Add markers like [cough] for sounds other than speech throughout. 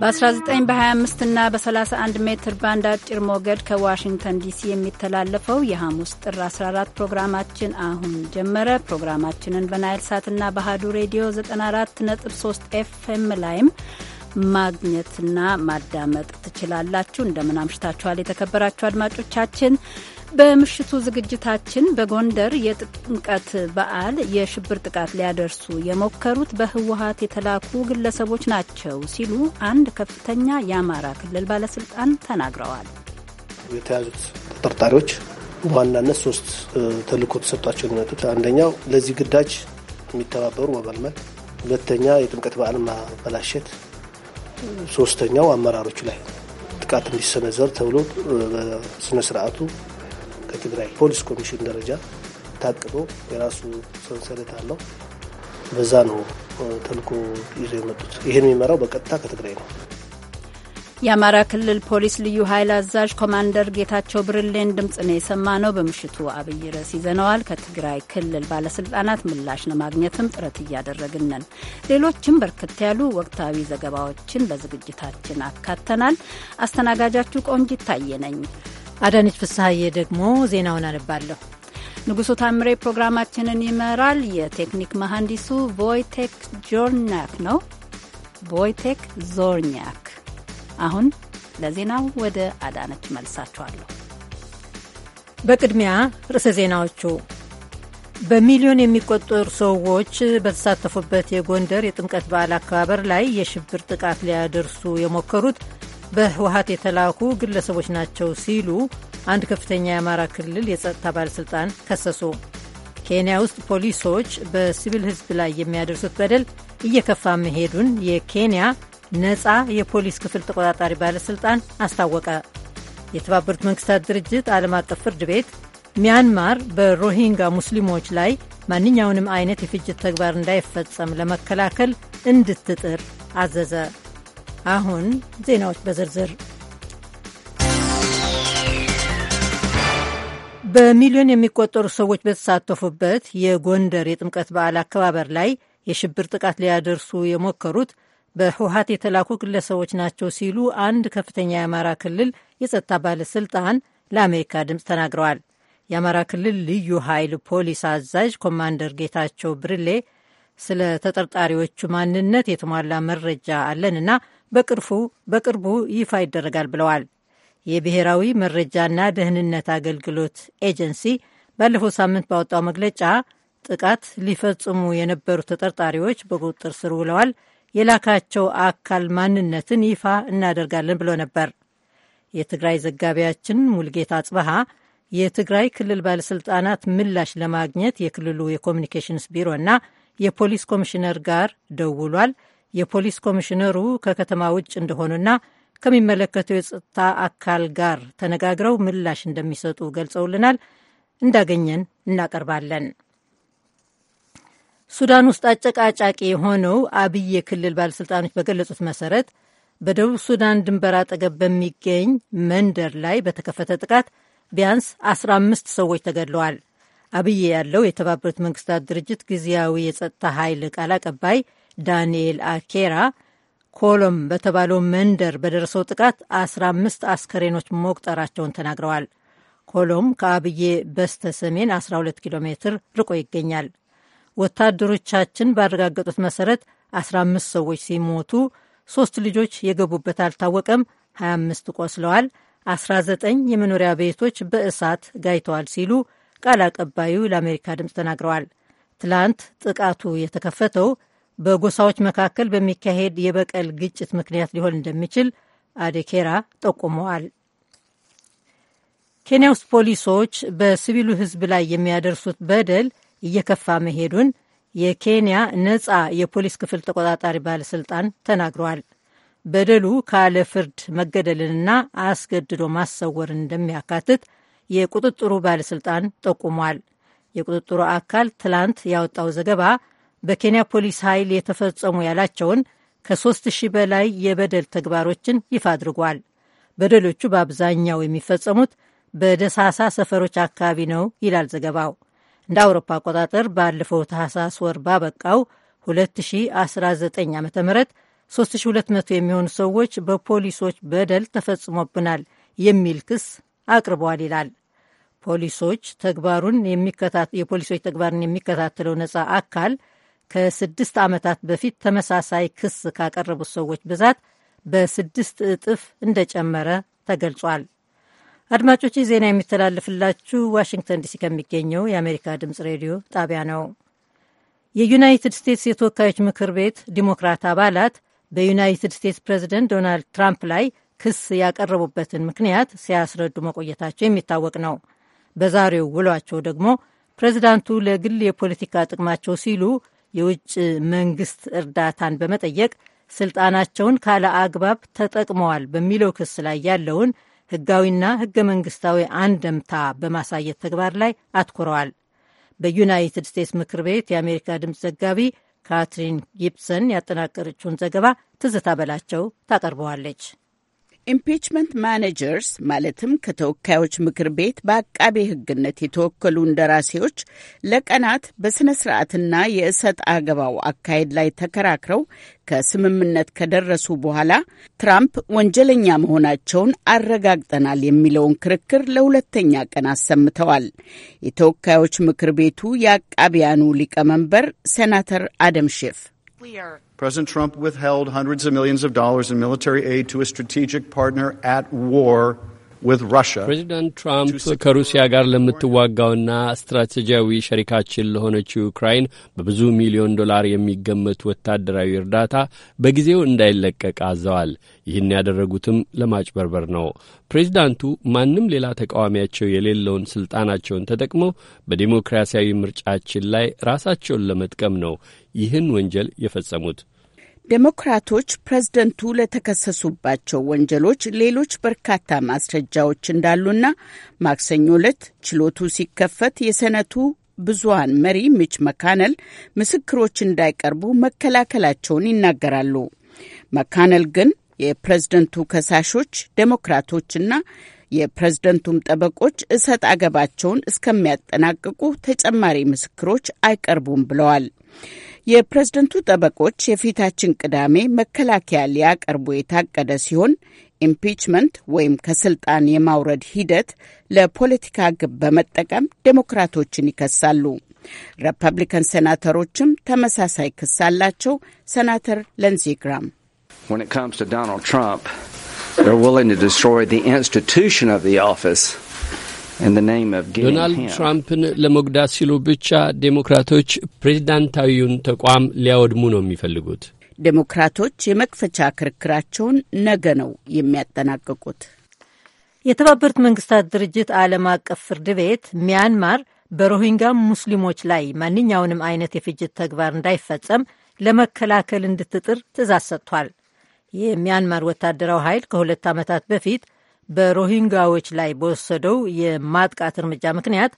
በ19 በ25 እና በ31 ሜትር ባንድ አጭር ሞገድ ከዋሽንግተን ዲሲ የሚተላለፈው የሐሙስ ጥር 14 ፕሮግራማችን አሁን ጀመረ። ፕሮግራማችንን በናይል ሳትና በአሀዱ ሬዲዮ 94.3 ኤፍኤም ላይም ማግኘትና ማዳመጥ ትችላላችሁ። እንደምን አምሽታችኋል የተከበራችሁ አድማጮቻችን። በምሽቱ ዝግጅታችን በጎንደር የጥምቀት በዓል የሽብር ጥቃት ሊያደርሱ የሞከሩት በህወሀት የተላኩ ግለሰቦች ናቸው ሲሉ አንድ ከፍተኛ የአማራ ክልል ባለስልጣን ተናግረዋል። የተያዙት ተጠርጣሪዎች በዋናነት ሶስት ተልእኮ ተሰጧቸው የሚመጡት አንደኛው ለዚህ ግዳጅ የሚተባበሩ መመልመል፣ ሁለተኛ የጥምቀት በዓል ማበላሸት፣ ሶስተኛው አመራሮች ላይ ጥቃት እንዲሰነዘር ተብሎ በስነ ስርዓቱ ከትግራይ ፖሊስ ኮሚሽን ደረጃ ታቅዶ የራሱ ሰንሰለት አለው። በዛ ነው ተልኮ ይዞ የመጡት። ይህን የሚመራው በቀጥታ ከትግራይ ነው። የአማራ ክልል ፖሊስ ልዩ ኃይል አዛዥ ኮማንደር ጌታቸው ብርሌን ድምፅ ነው ነው። በምሽቱ አብይ ርዕስ ይዘነዋል። ከትግራይ ክልል ባለስልጣናት ምላሽ ለማግኘትም ጥረት እያደረግን ሌሎችም በርከት ያሉ ወቅታዊ ዘገባዎችን በዝግጅታችን አካተናል። አስተናጋጃችሁ ቆንጂት ታየ ነኝ። አዳነች ፍስሐዬ ደግሞ ዜናውን አነባለሁ። ንጉሱ ታምሬ ፕሮግራማችንን ይመራል። የቴክኒክ መሐንዲሱ ቮይቴክ ጆርናክ ነው። ቮይቴክ ዞርኛክ አሁን ለዜናው ወደ አዳነች መልሳችኋለሁ። በቅድሚያ ርዕሰ ዜናዎቹ በሚሊዮን የሚቆጠሩ ሰዎች በተሳተፉበት የጎንደር የጥምቀት በዓል አከባበር ላይ የሽብር ጥቃት ሊያደርሱ የሞከሩት በህወሀት የተላኩ ግለሰቦች ናቸው ሲሉ አንድ ከፍተኛ የአማራ ክልል የጸጥታ ባለሥልጣን ከሰሱ። ኬንያ ውስጥ ፖሊሶች በሲቪል ህዝብ ላይ የሚያደርሱት በደል እየከፋ መሄዱን የኬንያ ነፃ የፖሊስ ክፍል ተቆጣጣሪ ባለሥልጣን አስታወቀ። የተባበሩት መንግስታት ድርጅት ዓለም አቀፍ ፍርድ ቤት ሚያንማር በሮሂንጋ ሙስሊሞች ላይ ማንኛውንም አይነት የፍጅት ተግባር እንዳይፈጸም ለመከላከል እንድትጥር አዘዘ። አሁን ዜናዎች በዝርዝር። በሚሊዮን የሚቆጠሩ ሰዎች በተሳተፉበት የጎንደር የጥምቀት በዓል አከባበር ላይ የሽብር ጥቃት ሊያደርሱ የሞከሩት በህወሀት የተላኩ ግለሰቦች ናቸው ሲሉ አንድ ከፍተኛ የአማራ ክልል የጸጥታ ባለስልጣን ለአሜሪካ ድምፅ ተናግረዋል። የአማራ ክልል ልዩ ኃይል ፖሊስ አዛዥ ኮማንደር ጌታቸው ብርሌ ስለ ተጠርጣሪዎቹ ማንነት የተሟላ መረጃ አለንና በቅርቡ ይፋ ይደረጋል ብለዋል። የብሔራዊ መረጃና ደህንነት አገልግሎት ኤጀንሲ ባለፈው ሳምንት ባወጣው መግለጫ ጥቃት ሊፈጽሙ የነበሩ ተጠርጣሪዎች በቁጥጥር ስር ውለዋል፣ የላካቸው አካል ማንነትን ይፋ እናደርጋለን ብሎ ነበር። የትግራይ ዘጋቢያችን ሙልጌታ ጽበሃ የትግራይ ክልል ባለሥልጣናት ምላሽ ለማግኘት የክልሉ የኮሚኒኬሽንስ ቢሮና የፖሊስ ኮሚሽነር ጋር ደውሏል። የፖሊስ ኮሚሽነሩ ከከተማ ውጭ እንደሆኑና ከሚመለከተው የጸጥታ አካል ጋር ተነጋግረው ምላሽ እንደሚሰጡ ገልጸውልናል። እንዳገኘን እናቀርባለን። ሱዳን ውስጥ አጨቃጫቂ የሆነው አብይ ክልል ባለሥልጣኖች በገለጹት መሰረት በደቡብ ሱዳን ድንበር አጠገብ በሚገኝ መንደር ላይ በተከፈተ ጥቃት ቢያንስ 15 ሰዎች ተገድለዋል። አብዬ ያለው የተባበሩት መንግስታት ድርጅት ጊዜያዊ የጸጥታ ኃይል ቃል አቀባይ ዳንኤል አኬራ ኮሎም በተባለው መንደር በደረሰው ጥቃት 15 አስከሬኖች መቁጠራቸውን ተናግረዋል። ኮሎም ከአብዬ በስተ ሰሜን 12 ኪሎ ሜትር ርቆ ይገኛል። ወታደሮቻችን ባረጋገጡት መሰረት 15 ሰዎች ሲሞቱ ሶስት ልጆች የገቡበት አልታወቀም፣ 25 ቆስለዋል፣ 19 የመኖሪያ ቤቶች በእሳት ጋይተዋል ሲሉ ቃል አቀባዩ ለአሜሪካ ድምፅ ተናግረዋል። ትላንት ጥቃቱ የተከፈተው በጎሳዎች መካከል በሚካሄድ የበቀል ግጭት ምክንያት ሊሆን እንደሚችል አዴኬራ ጠቁመዋል። ኬንያ ውስጥ ፖሊሶች በሲቪሉ ሕዝብ ላይ የሚያደርሱት በደል እየከፋ መሄዱን የኬንያ ነጻ የፖሊስ ክፍል ተቆጣጣሪ ባለሥልጣን ተናግረዋል። በደሉ ካለ ፍርድ መገደልንና አስገድዶ ማሰወርን እንደሚያካትት የቁጥጥሩ ባለሥልጣን ጠቁሟል። የቁጥጥሩ አካል ትላንት ያወጣው ዘገባ በኬንያ ፖሊስ ኃይል የተፈጸሙ ያላቸውን ከሦስት ሺህ በላይ የበደል ተግባሮችን ይፋ አድርጓል። በደሎቹ በአብዛኛው የሚፈጸሙት በደሳሳ ሰፈሮች አካባቢ ነው ይላል ዘገባው። እንደ አውሮፓ አቆጣጠር ባለፈው ታህሳስ ወር ባበቃው 2019 ዓ ም 3200 የሚሆኑ ሰዎች በፖሊሶች በደል ተፈጽሞብናል የሚል ክስ አቅርበዋል ይላል። ፖሊሶች ተግባሩን የፖሊሶች ተግባርን የሚከታተለው ነፃ አካል ከስድስት ዓመታት በፊት ተመሳሳይ ክስ ካቀረቡት ሰዎች ብዛት በስድስት እጥፍ እንደጨመረ ተገልጿል። አድማጮች ዜና የሚተላለፍላችሁ ዋሽንግተን ዲሲ ከሚገኘው የአሜሪካ ድምፅ ሬዲዮ ጣቢያ ነው። የዩናይትድ ስቴትስ የተወካዮች ምክር ቤት ዲሞክራት አባላት በዩናይትድ ስቴትስ ፕሬዚደንት ዶናልድ ትራምፕ ላይ ክስ ያቀረቡበትን ምክንያት ሲያስረዱ መቆየታቸው የሚታወቅ ነው። በዛሬው ውሏቸው ደግሞ ፕሬዚዳንቱ ለግል የፖለቲካ ጥቅማቸው ሲሉ የውጭ መንግስት እርዳታን በመጠየቅ ስልጣናቸውን ካለ አግባብ ተጠቅመዋል በሚለው ክስ ላይ ያለውን ህጋዊና ህገ መንግስታዊ አንደምታ በማሳየት ተግባር ላይ አትኩረዋል። በዩናይትድ ስቴትስ ምክር ቤት የአሜሪካ ድምፅ ዘጋቢ ካትሪን ጊብሰን ያጠናቀረችውን ዘገባ ትዝታ በላቸው ታቀርበዋለች። ኢምፒችመንት ማኔጀርስ ማለትም ከተወካዮች ምክር ቤት በአቃቤ ሕግነት የተወከሉ እንደራሴዎች ለቀናት በሥነ ሥርዓትና የእሰጥ አገባው አካሄድ ላይ ተከራክረው ከስምምነት ከደረሱ በኋላ ትራምፕ ወንጀለኛ መሆናቸውን አረጋግጠናል የሚለውን ክርክር ለሁለተኛ ቀን አሰምተዋል። የተወካዮች ምክር ቤቱ የአቃቢያኑ ሊቀመንበር ሴናተር አደም ሼፍ President Trump withheld hundreds of millions of dollars in military aid to a strategic partner at war ፕሬዚዳንት ትራምፕ ከሩሲያ ጋር ለምትዋጋውና ስትራቴጂያዊ ሸሪካችን ለሆነችው ዩክራይን በብዙ ሚሊዮን ዶላር የሚገመት ወታደራዊ እርዳታ በጊዜው እንዳይለቀቅ አዘዋል። ይህን ያደረጉትም ለማጭበርበር ነው። ፕሬዚዳንቱ ማንም ሌላ ተቃዋሚያቸው የሌለውን ስልጣናቸውን ተጠቅመው በዴሞክራሲያዊ ምርጫችን ላይ ራሳቸውን ለመጥቀም ነው ይህን ወንጀል የፈጸሙት። ዴሞክራቶች ፕሬዝደንቱ ለተከሰሱባቸው ወንጀሎች ሌሎች በርካታ ማስረጃዎች እንዳሉና ማክሰኞ ዕለት ችሎቱ ሲከፈት የሰነቱ ብዙሃን መሪ ሚች መካነል ምስክሮች እንዳይቀርቡ መከላከላቸውን ይናገራሉ። መካነል ግን የፕሬዝደንቱ ከሳሾች ዴሞክራቶችና የፕሬዝደንቱም ጠበቆች እሰጥ አገባቸውን እስከሚያጠናቅቁ ተጨማሪ ምስክሮች አይቀርቡም ብለዋል። የፕሬዝደንቱ ጠበቆች የፊታችን ቅዳሜ መከላከያ ሊያቀርቡ የታቀደ ሲሆን ኢምፒችመንት ወይም ከስልጣን የማውረድ ሂደት ለፖለቲካ ግብ በመጠቀም ዴሞክራቶችን ይከሳሉ። ሪፐብሊካን ሴናተሮችም ተመሳሳይ ክስ አላቸው። ሴናተር ለንዚ ግራም ዶናልድ ትራምፕ ዶናልድ ትራምፕን ለመጉዳት ሲሉ ብቻ ዴሞክራቶች ፕሬዚዳንታዊውን ተቋም ሊያወድሙ ነው የሚፈልጉት። ዴሞክራቶች የመክፈቻ ክርክራቸውን ነገ ነው የሚያጠናቅቁት። የተባበሩት መንግስታት ድርጅት ዓለም አቀፍ ፍርድ ቤት ሚያንማር በሮሂንጋ ሙስሊሞች ላይ ማንኛውንም አይነት የፍጅት ተግባር እንዳይፈጸም ለመከላከል እንድትጥር ትእዛዝ ሰጥቷል። የሚያንማር ወታደራዊ ኃይል ከሁለት ዓመታት በፊት በሮሂንጋዎች ላይ በወሰደው የማጥቃት እርምጃ ምክንያት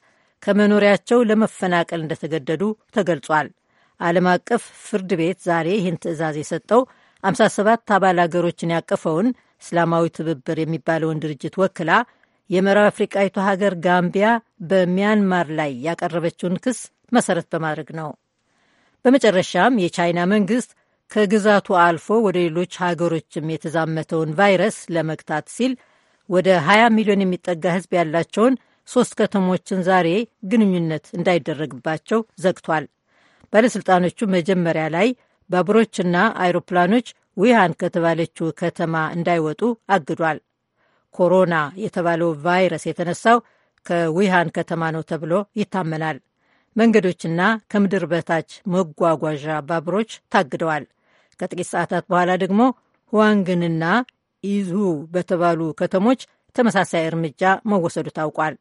ከመኖሪያቸው ለመፈናቀል እንደተገደዱ ተገልጿል። ዓለም አቀፍ ፍርድ ቤት ዛሬ ይህን ትዕዛዝ የሰጠው 57 አባል አገሮችን ያቀፈውን እስላማዊ ትብብር የሚባለውን ድርጅት ወክላ የምዕራብ አፍሪቃዊቱ ሀገር ጋምቢያ በሚያንማር ላይ ያቀረበችውን ክስ መሰረት በማድረግ ነው። በመጨረሻም የቻይና መንግስት ከግዛቱ አልፎ ወደ ሌሎች ሀገሮችም የተዛመተውን ቫይረስ ለመግታት ሲል ወደ 20 ሚሊዮን የሚጠጋ ህዝብ ያላቸውን ሶስት ከተሞችን ዛሬ ግንኙነት እንዳይደረግባቸው ዘግቷል። ባለሥልጣኖቹ መጀመሪያ ላይ ባቡሮችና አይሮፕላኖች ዊሃን ከተባለችው ከተማ እንዳይወጡ አግዷል። ኮሮና የተባለው ቫይረስ የተነሳው ከዊሃን ከተማ ነው ተብሎ ይታመናል። መንገዶችና ከምድር በታች መጓጓዣ ባቡሮች ታግደዋል። ከጥቂት ሰዓታት በኋላ ደግሞ ሁዋንግንና ኢዙ በተባሉ ከተሞች ተመሳሳይ እርምጃ መወሰዱ ታውቋል።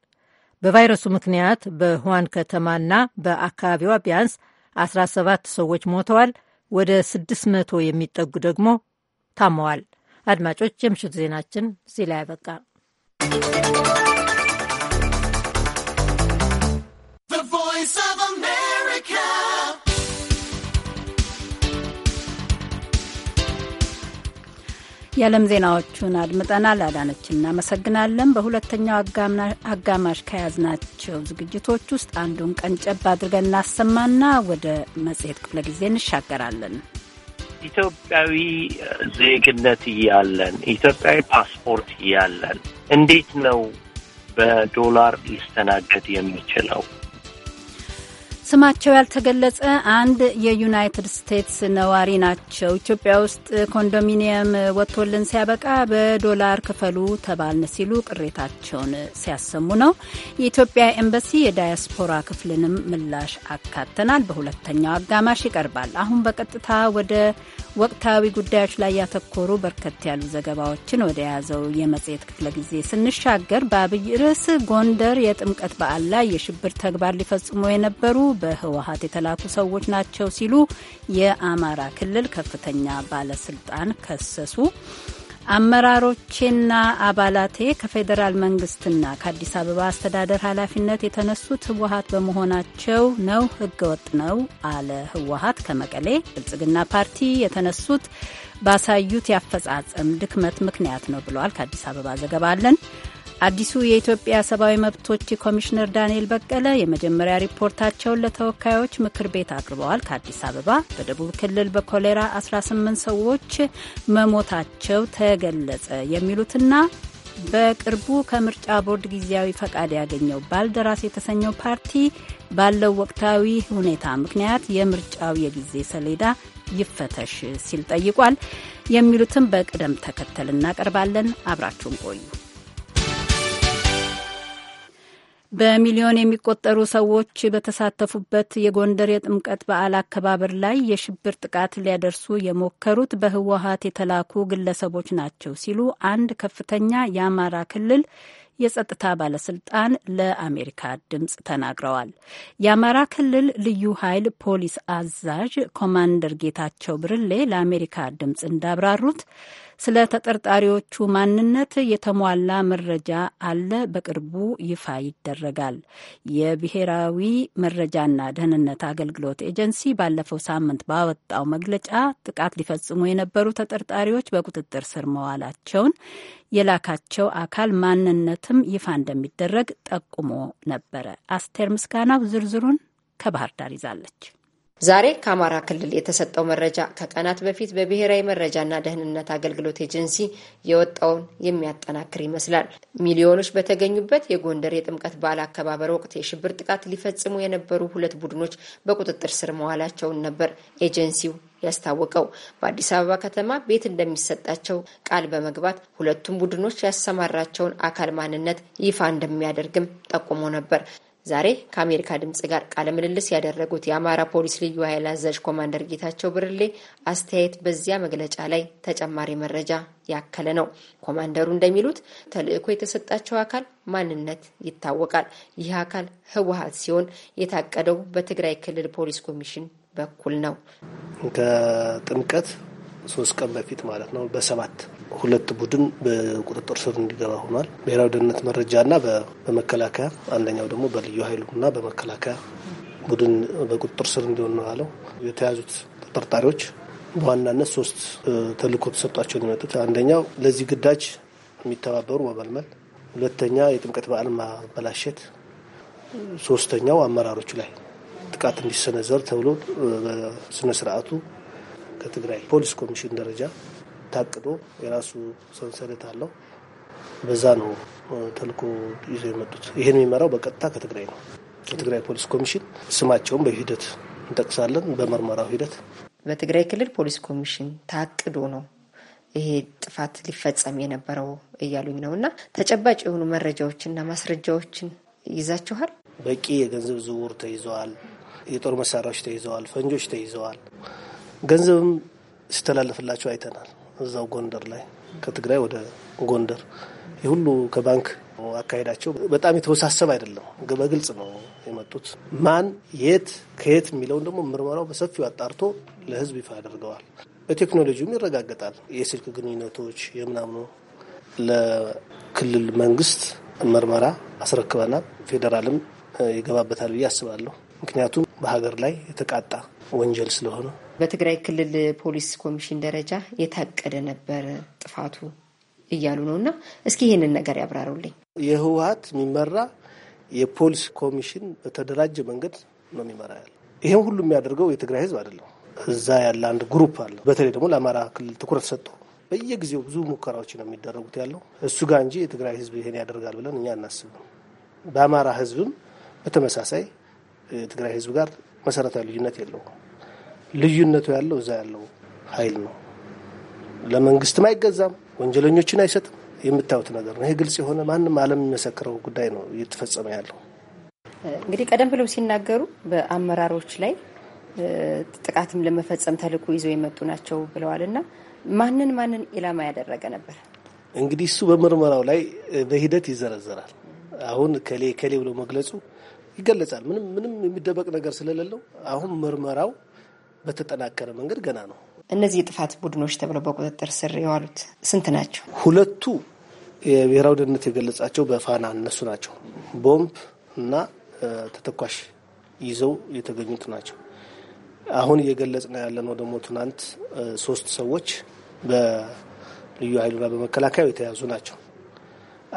በቫይረሱ ምክንያት በሁዋን ከተማና በአካባቢዋ ቢያንስ 17 ሰዎች ሞተዋል። ወደ 600 የሚጠጉ ደግሞ ታመዋል። አድማጮች፣ የምሽቱ ዜናችን እዚህ ላይ ያበቃ። የዓለም ዜናዎቹን አድምጠናል። አዳነች እናመሰግናለን። በሁለተኛው አጋማሽ ከያዝናቸው ዝግጅቶች ውስጥ አንዱን ቀንጨብ አድርገን እናሰማና ወደ መጽሔት ክፍለ ጊዜ እንሻገራለን። ኢትዮጵያዊ ዜግነት እያለን ኢትዮጵያዊ ፓስፖርት እያለን እንዴት ነው በዶላር ሊስተናገድ የሚችለው? ስማቸው ያልተገለጸ አንድ የዩናይትድ ስቴትስ ነዋሪ ናቸው። ኢትዮጵያ ውስጥ ኮንዶሚኒየም ወጥቶልን ሲያበቃ በዶላር ክፈሉ ተባልን ሲሉ ቅሬታቸውን ሲያሰሙ ነው። የኢትዮጵያ ኤምባሲ የዳያስፖራ ክፍልንም ምላሽ አካተናል። በሁለተኛው አጋማሽ ይቀርባል። አሁን በቀጥታ ወደ ወቅታዊ ጉዳዮች ላይ ያተኮሩ በርከት ያሉ ዘገባዎችን ወደ ያዘው የመጽሔት ክፍለ ጊዜ ስንሻገር በአብይ ርዕስ ጎንደር የጥምቀት በዓል ላይ የሽብር ተግባር ሊፈጽሙ የነበሩ በህወሀት የተላኩ ሰዎች ናቸው ሲሉ የአማራ ክልል ከፍተኛ ባለስልጣን ከሰሱ። አመራሮቼና አባላቴ ከፌዴራል መንግስትና ከአዲስ አበባ አስተዳደር ኃላፊነት የተነሱት ህወሀት በመሆናቸው ነው፣ ህገወጥ ነው አለ። ህወሀት ከመቀሌ ብልጽግና ፓርቲ የተነሱት ባሳዩት ያፈጻጸም ድክመት ምክንያት ነው ብለዋል። ከአዲስ አበባ ዘገባ አለን። አዲሱ የኢትዮጵያ ሰብአዊ መብቶች ኮሚሽነር ዳንኤል በቀለ የመጀመሪያ ሪፖርታቸውን ለተወካዮች ምክር ቤት አቅርበዋል። ከአዲስ አበባ በደቡብ ክልል በኮሌራ 18 ሰዎች መሞታቸው ተገለጸ የሚሉትና በቅርቡ ከምርጫ ቦርድ ጊዜያዊ ፈቃድ ያገኘው ባልደራስ የተሰኘው ፓርቲ ባለው ወቅታዊ ሁኔታ ምክንያት የምርጫው የጊዜ ሰሌዳ ይፈተሽ ሲል ጠይቋል። የሚሉትም በቅደም ተከተል እናቀርባለን። አብራችሁን ቆዩ። በሚሊዮን የሚቆጠሩ ሰዎች በተሳተፉበት የጎንደር የጥምቀት በዓል አከባበር ላይ የሽብር ጥቃት ሊያደርሱ የሞከሩት በህወሀት የተላኩ ግለሰቦች ናቸው ሲሉ አንድ ከፍተኛ የአማራ ክልል የጸጥታ ባለስልጣን ለአሜሪካ ድምፅ ተናግረዋል። የአማራ ክልል ልዩ ኃይል ፖሊስ አዛዥ ኮማንደር ጌታቸው ብርሌ ለአሜሪካ ድምፅ እንዳብራሩት ስለ ተጠርጣሪዎቹ ማንነት የተሟላ መረጃ አለ፣ በቅርቡ ይፋ ይደረጋል። የብሔራዊ መረጃና ደህንነት አገልግሎት ኤጀንሲ ባለፈው ሳምንት ባወጣው መግለጫ ጥቃት ሊፈጽሙ የነበሩ ተጠርጣሪዎች በቁጥጥር ስር መዋላቸውን የላካቸው አካል ማንነትም ይፋ እንደሚደረግ ጠቁሞ ነበረ። አስቴር ምስጋናው ዝርዝሩን ከባህር ዳር ይዛለች። ዛሬ ከአማራ ክልል የተሰጠው መረጃ ከቀናት በፊት በብሔራዊ መረጃና ደህንነት አገልግሎት ኤጀንሲ የወጣውን የሚያጠናክር ይመስላል። ሚሊዮኖች በተገኙበት የጎንደር የጥምቀት በዓል አከባበር ወቅት የሽብር ጥቃት ሊፈጽሙ የነበሩ ሁለት ቡድኖች በቁጥጥር ስር መዋላቸውን ነበር ኤጀንሲው ያስታወቀው በአዲስ አበባ ከተማ ቤት እንደሚሰጣቸው ቃል በመግባት ሁለቱም ቡድኖች ያሰማራቸውን አካል ማንነት ይፋ እንደሚያደርግም ጠቁሞ ነበር። ዛሬ ከአሜሪካ ድምጽ ጋር ቃለ ምልልስ ያደረጉት የአማራ ፖሊስ ልዩ ኃይል አዛዥ ኮማንደር ጌታቸው ብርሌ አስተያየት በዚያ መግለጫ ላይ ተጨማሪ መረጃ ያከለ ነው። ኮማንደሩ እንደሚሉት ተልዕኮ የተሰጣቸው አካል ማንነት ይታወቃል። ይህ አካል ህወሀት ሲሆን የታቀደው በትግራይ ክልል ፖሊስ ኮሚሽን በኩል ነው። ከጥምቀት ሶስት ቀን በፊት ማለት ነው በሰባት ሁለት ቡድን በቁጥጥር ስር እንዲገባ ሆኗል። ብሔራዊ ደህንነት መረጃና በመከላከያ አንደኛው ደግሞ በልዩ ኃይሉና በመከላከያ ቡድን በቁጥጥር ስር እንዲሆን ነው ያለው። የተያዙት ተጠርጣሪዎች በዋናነት ሶስት ተልእኮ ተሰጧቸውን የመጡት አንደኛው ለዚህ ግዳጅ የሚተባበሩ መመልመል፣ ሁለተኛ የጥምቀት በዓል ማበላሸት፣ ሶስተኛው አመራሮቹ ላይ ጥቃት እንዲሰነዘር ተብሎ በስነ ስርዓቱ ከትግራይ ፖሊስ ኮሚሽን ደረጃ ታቅዶ የራሱ ሰንሰለት አለው። በዛ ነው ተልኮ ይዞ የመጡት። ይህን የሚመራው በቀጥታ ከትግራይ ነው፣ ከትግራይ ፖሊስ ኮሚሽን። ስማቸውን በሂደት እንጠቅሳለን፣ በምርመራው ሂደት። በትግራይ ክልል ፖሊስ ኮሚሽን ታቅዶ ነው ይሄ ጥፋት ሊፈጸም የነበረው እያሉኝ ነው። እና ተጨባጭ የሆኑ መረጃዎችንና ማስረጃዎችን ይዛችኋል? በቂ የገንዘብ ዝውውር ተይዘዋል፣ የጦር መሳሪያዎች ተይዘዋል፣ ፈንጆች ተይዘዋል፣ ገንዘብም ሲተላለፍላቸው አይተናል። እዛው ጎንደር ላይ ከትግራይ ወደ ጎንደር የሁሉ ከባንክ አካሄዳቸው በጣም የተወሳሰብ አይደለም፣ በግልጽ ነው የመጡት። ማን የት ከየት የሚለውን ደግሞ ምርመራው በሰፊው አጣርቶ ለህዝብ ይፋ ያደርገዋል። በቴክኖሎጂውም ይረጋገጣል። የስልክ ግንኙነቶች የምናምኑ ለክልል መንግስት ምርመራ አስረክበናል። ፌዴራልም ይገባበታል ብዬ አስባለሁ። ምክንያቱም በሀገር ላይ የተቃጣ ወንጀል ስለሆነ በትግራይ ክልል ፖሊስ ኮሚሽን ደረጃ የታቀደ ነበር ጥፋቱ እያሉ ነው። እና እስኪ ይህንን ነገር ያብራሩልኝ። የህወሀት የሚመራ የፖሊስ ኮሚሽን በተደራጀ መንገድ ነው የሚመራ ያለ። ይሄም ሁሉ የሚያደርገው የትግራይ ህዝብ አይደለም። እዛ ያለ አንድ ግሩፕ አለ። በተለይ ደግሞ ለአማራ ክልል ትኩረት ሰጠው። በየጊዜው ብዙ ሙከራዎች ነው የሚደረጉት ያለው እሱ ጋር እንጂ የትግራይ ህዝብ ይሄን ያደርጋል ብለን እኛ አናስብም። በአማራ ህዝብም በተመሳሳይ የትግራይ ህዝብ ጋር መሰረታዊ ልዩነት የለውም። ልዩነቱ ያለው እዛ ያለው ኃይል ነው። ለመንግስትም አይገዛም፣ ወንጀለኞችን አይሰጥም። የምታዩት ነገር ነው። ይሄ ግልጽ የሆነ ማንም ዓለም የሚመሰክረው ጉዳይ ነው እየተፈጸመ ያለው። እንግዲህ ቀደም ብለው ሲናገሩ በአመራሮች ላይ ጥቃትም ለመፈጸም ተልዕኮ ይዘው የመጡ ናቸው ብለዋል እና ማንን ማንን ኢላማ ያደረገ ነበር? እንግዲህ እሱ በምርመራው ላይ በሂደት ይዘረዘራል። አሁን ከሌ ከሌ ብሎ መግለጹ ይገለጻል። ምንም ምንም የሚደበቅ ነገር ስለሌለው አሁን ምርመራው በተጠናከረ መንገድ ገና ነው። እነዚህ የጥፋት ቡድኖች ተብለው በቁጥጥር ስር የዋሉት ስንት ናቸው? ሁለቱ የብሔራዊ ደህንነት የገለጻቸው በፋና እነሱ ናቸው። ቦምብ እና ተተኳሽ ይዘው የተገኙት ናቸው። አሁን እየገለጽ ነው ያለነው ደግሞ ትናንት ሶስት ሰዎች በልዩ ኃይሉና በመከላከያው የተያዙ ናቸው።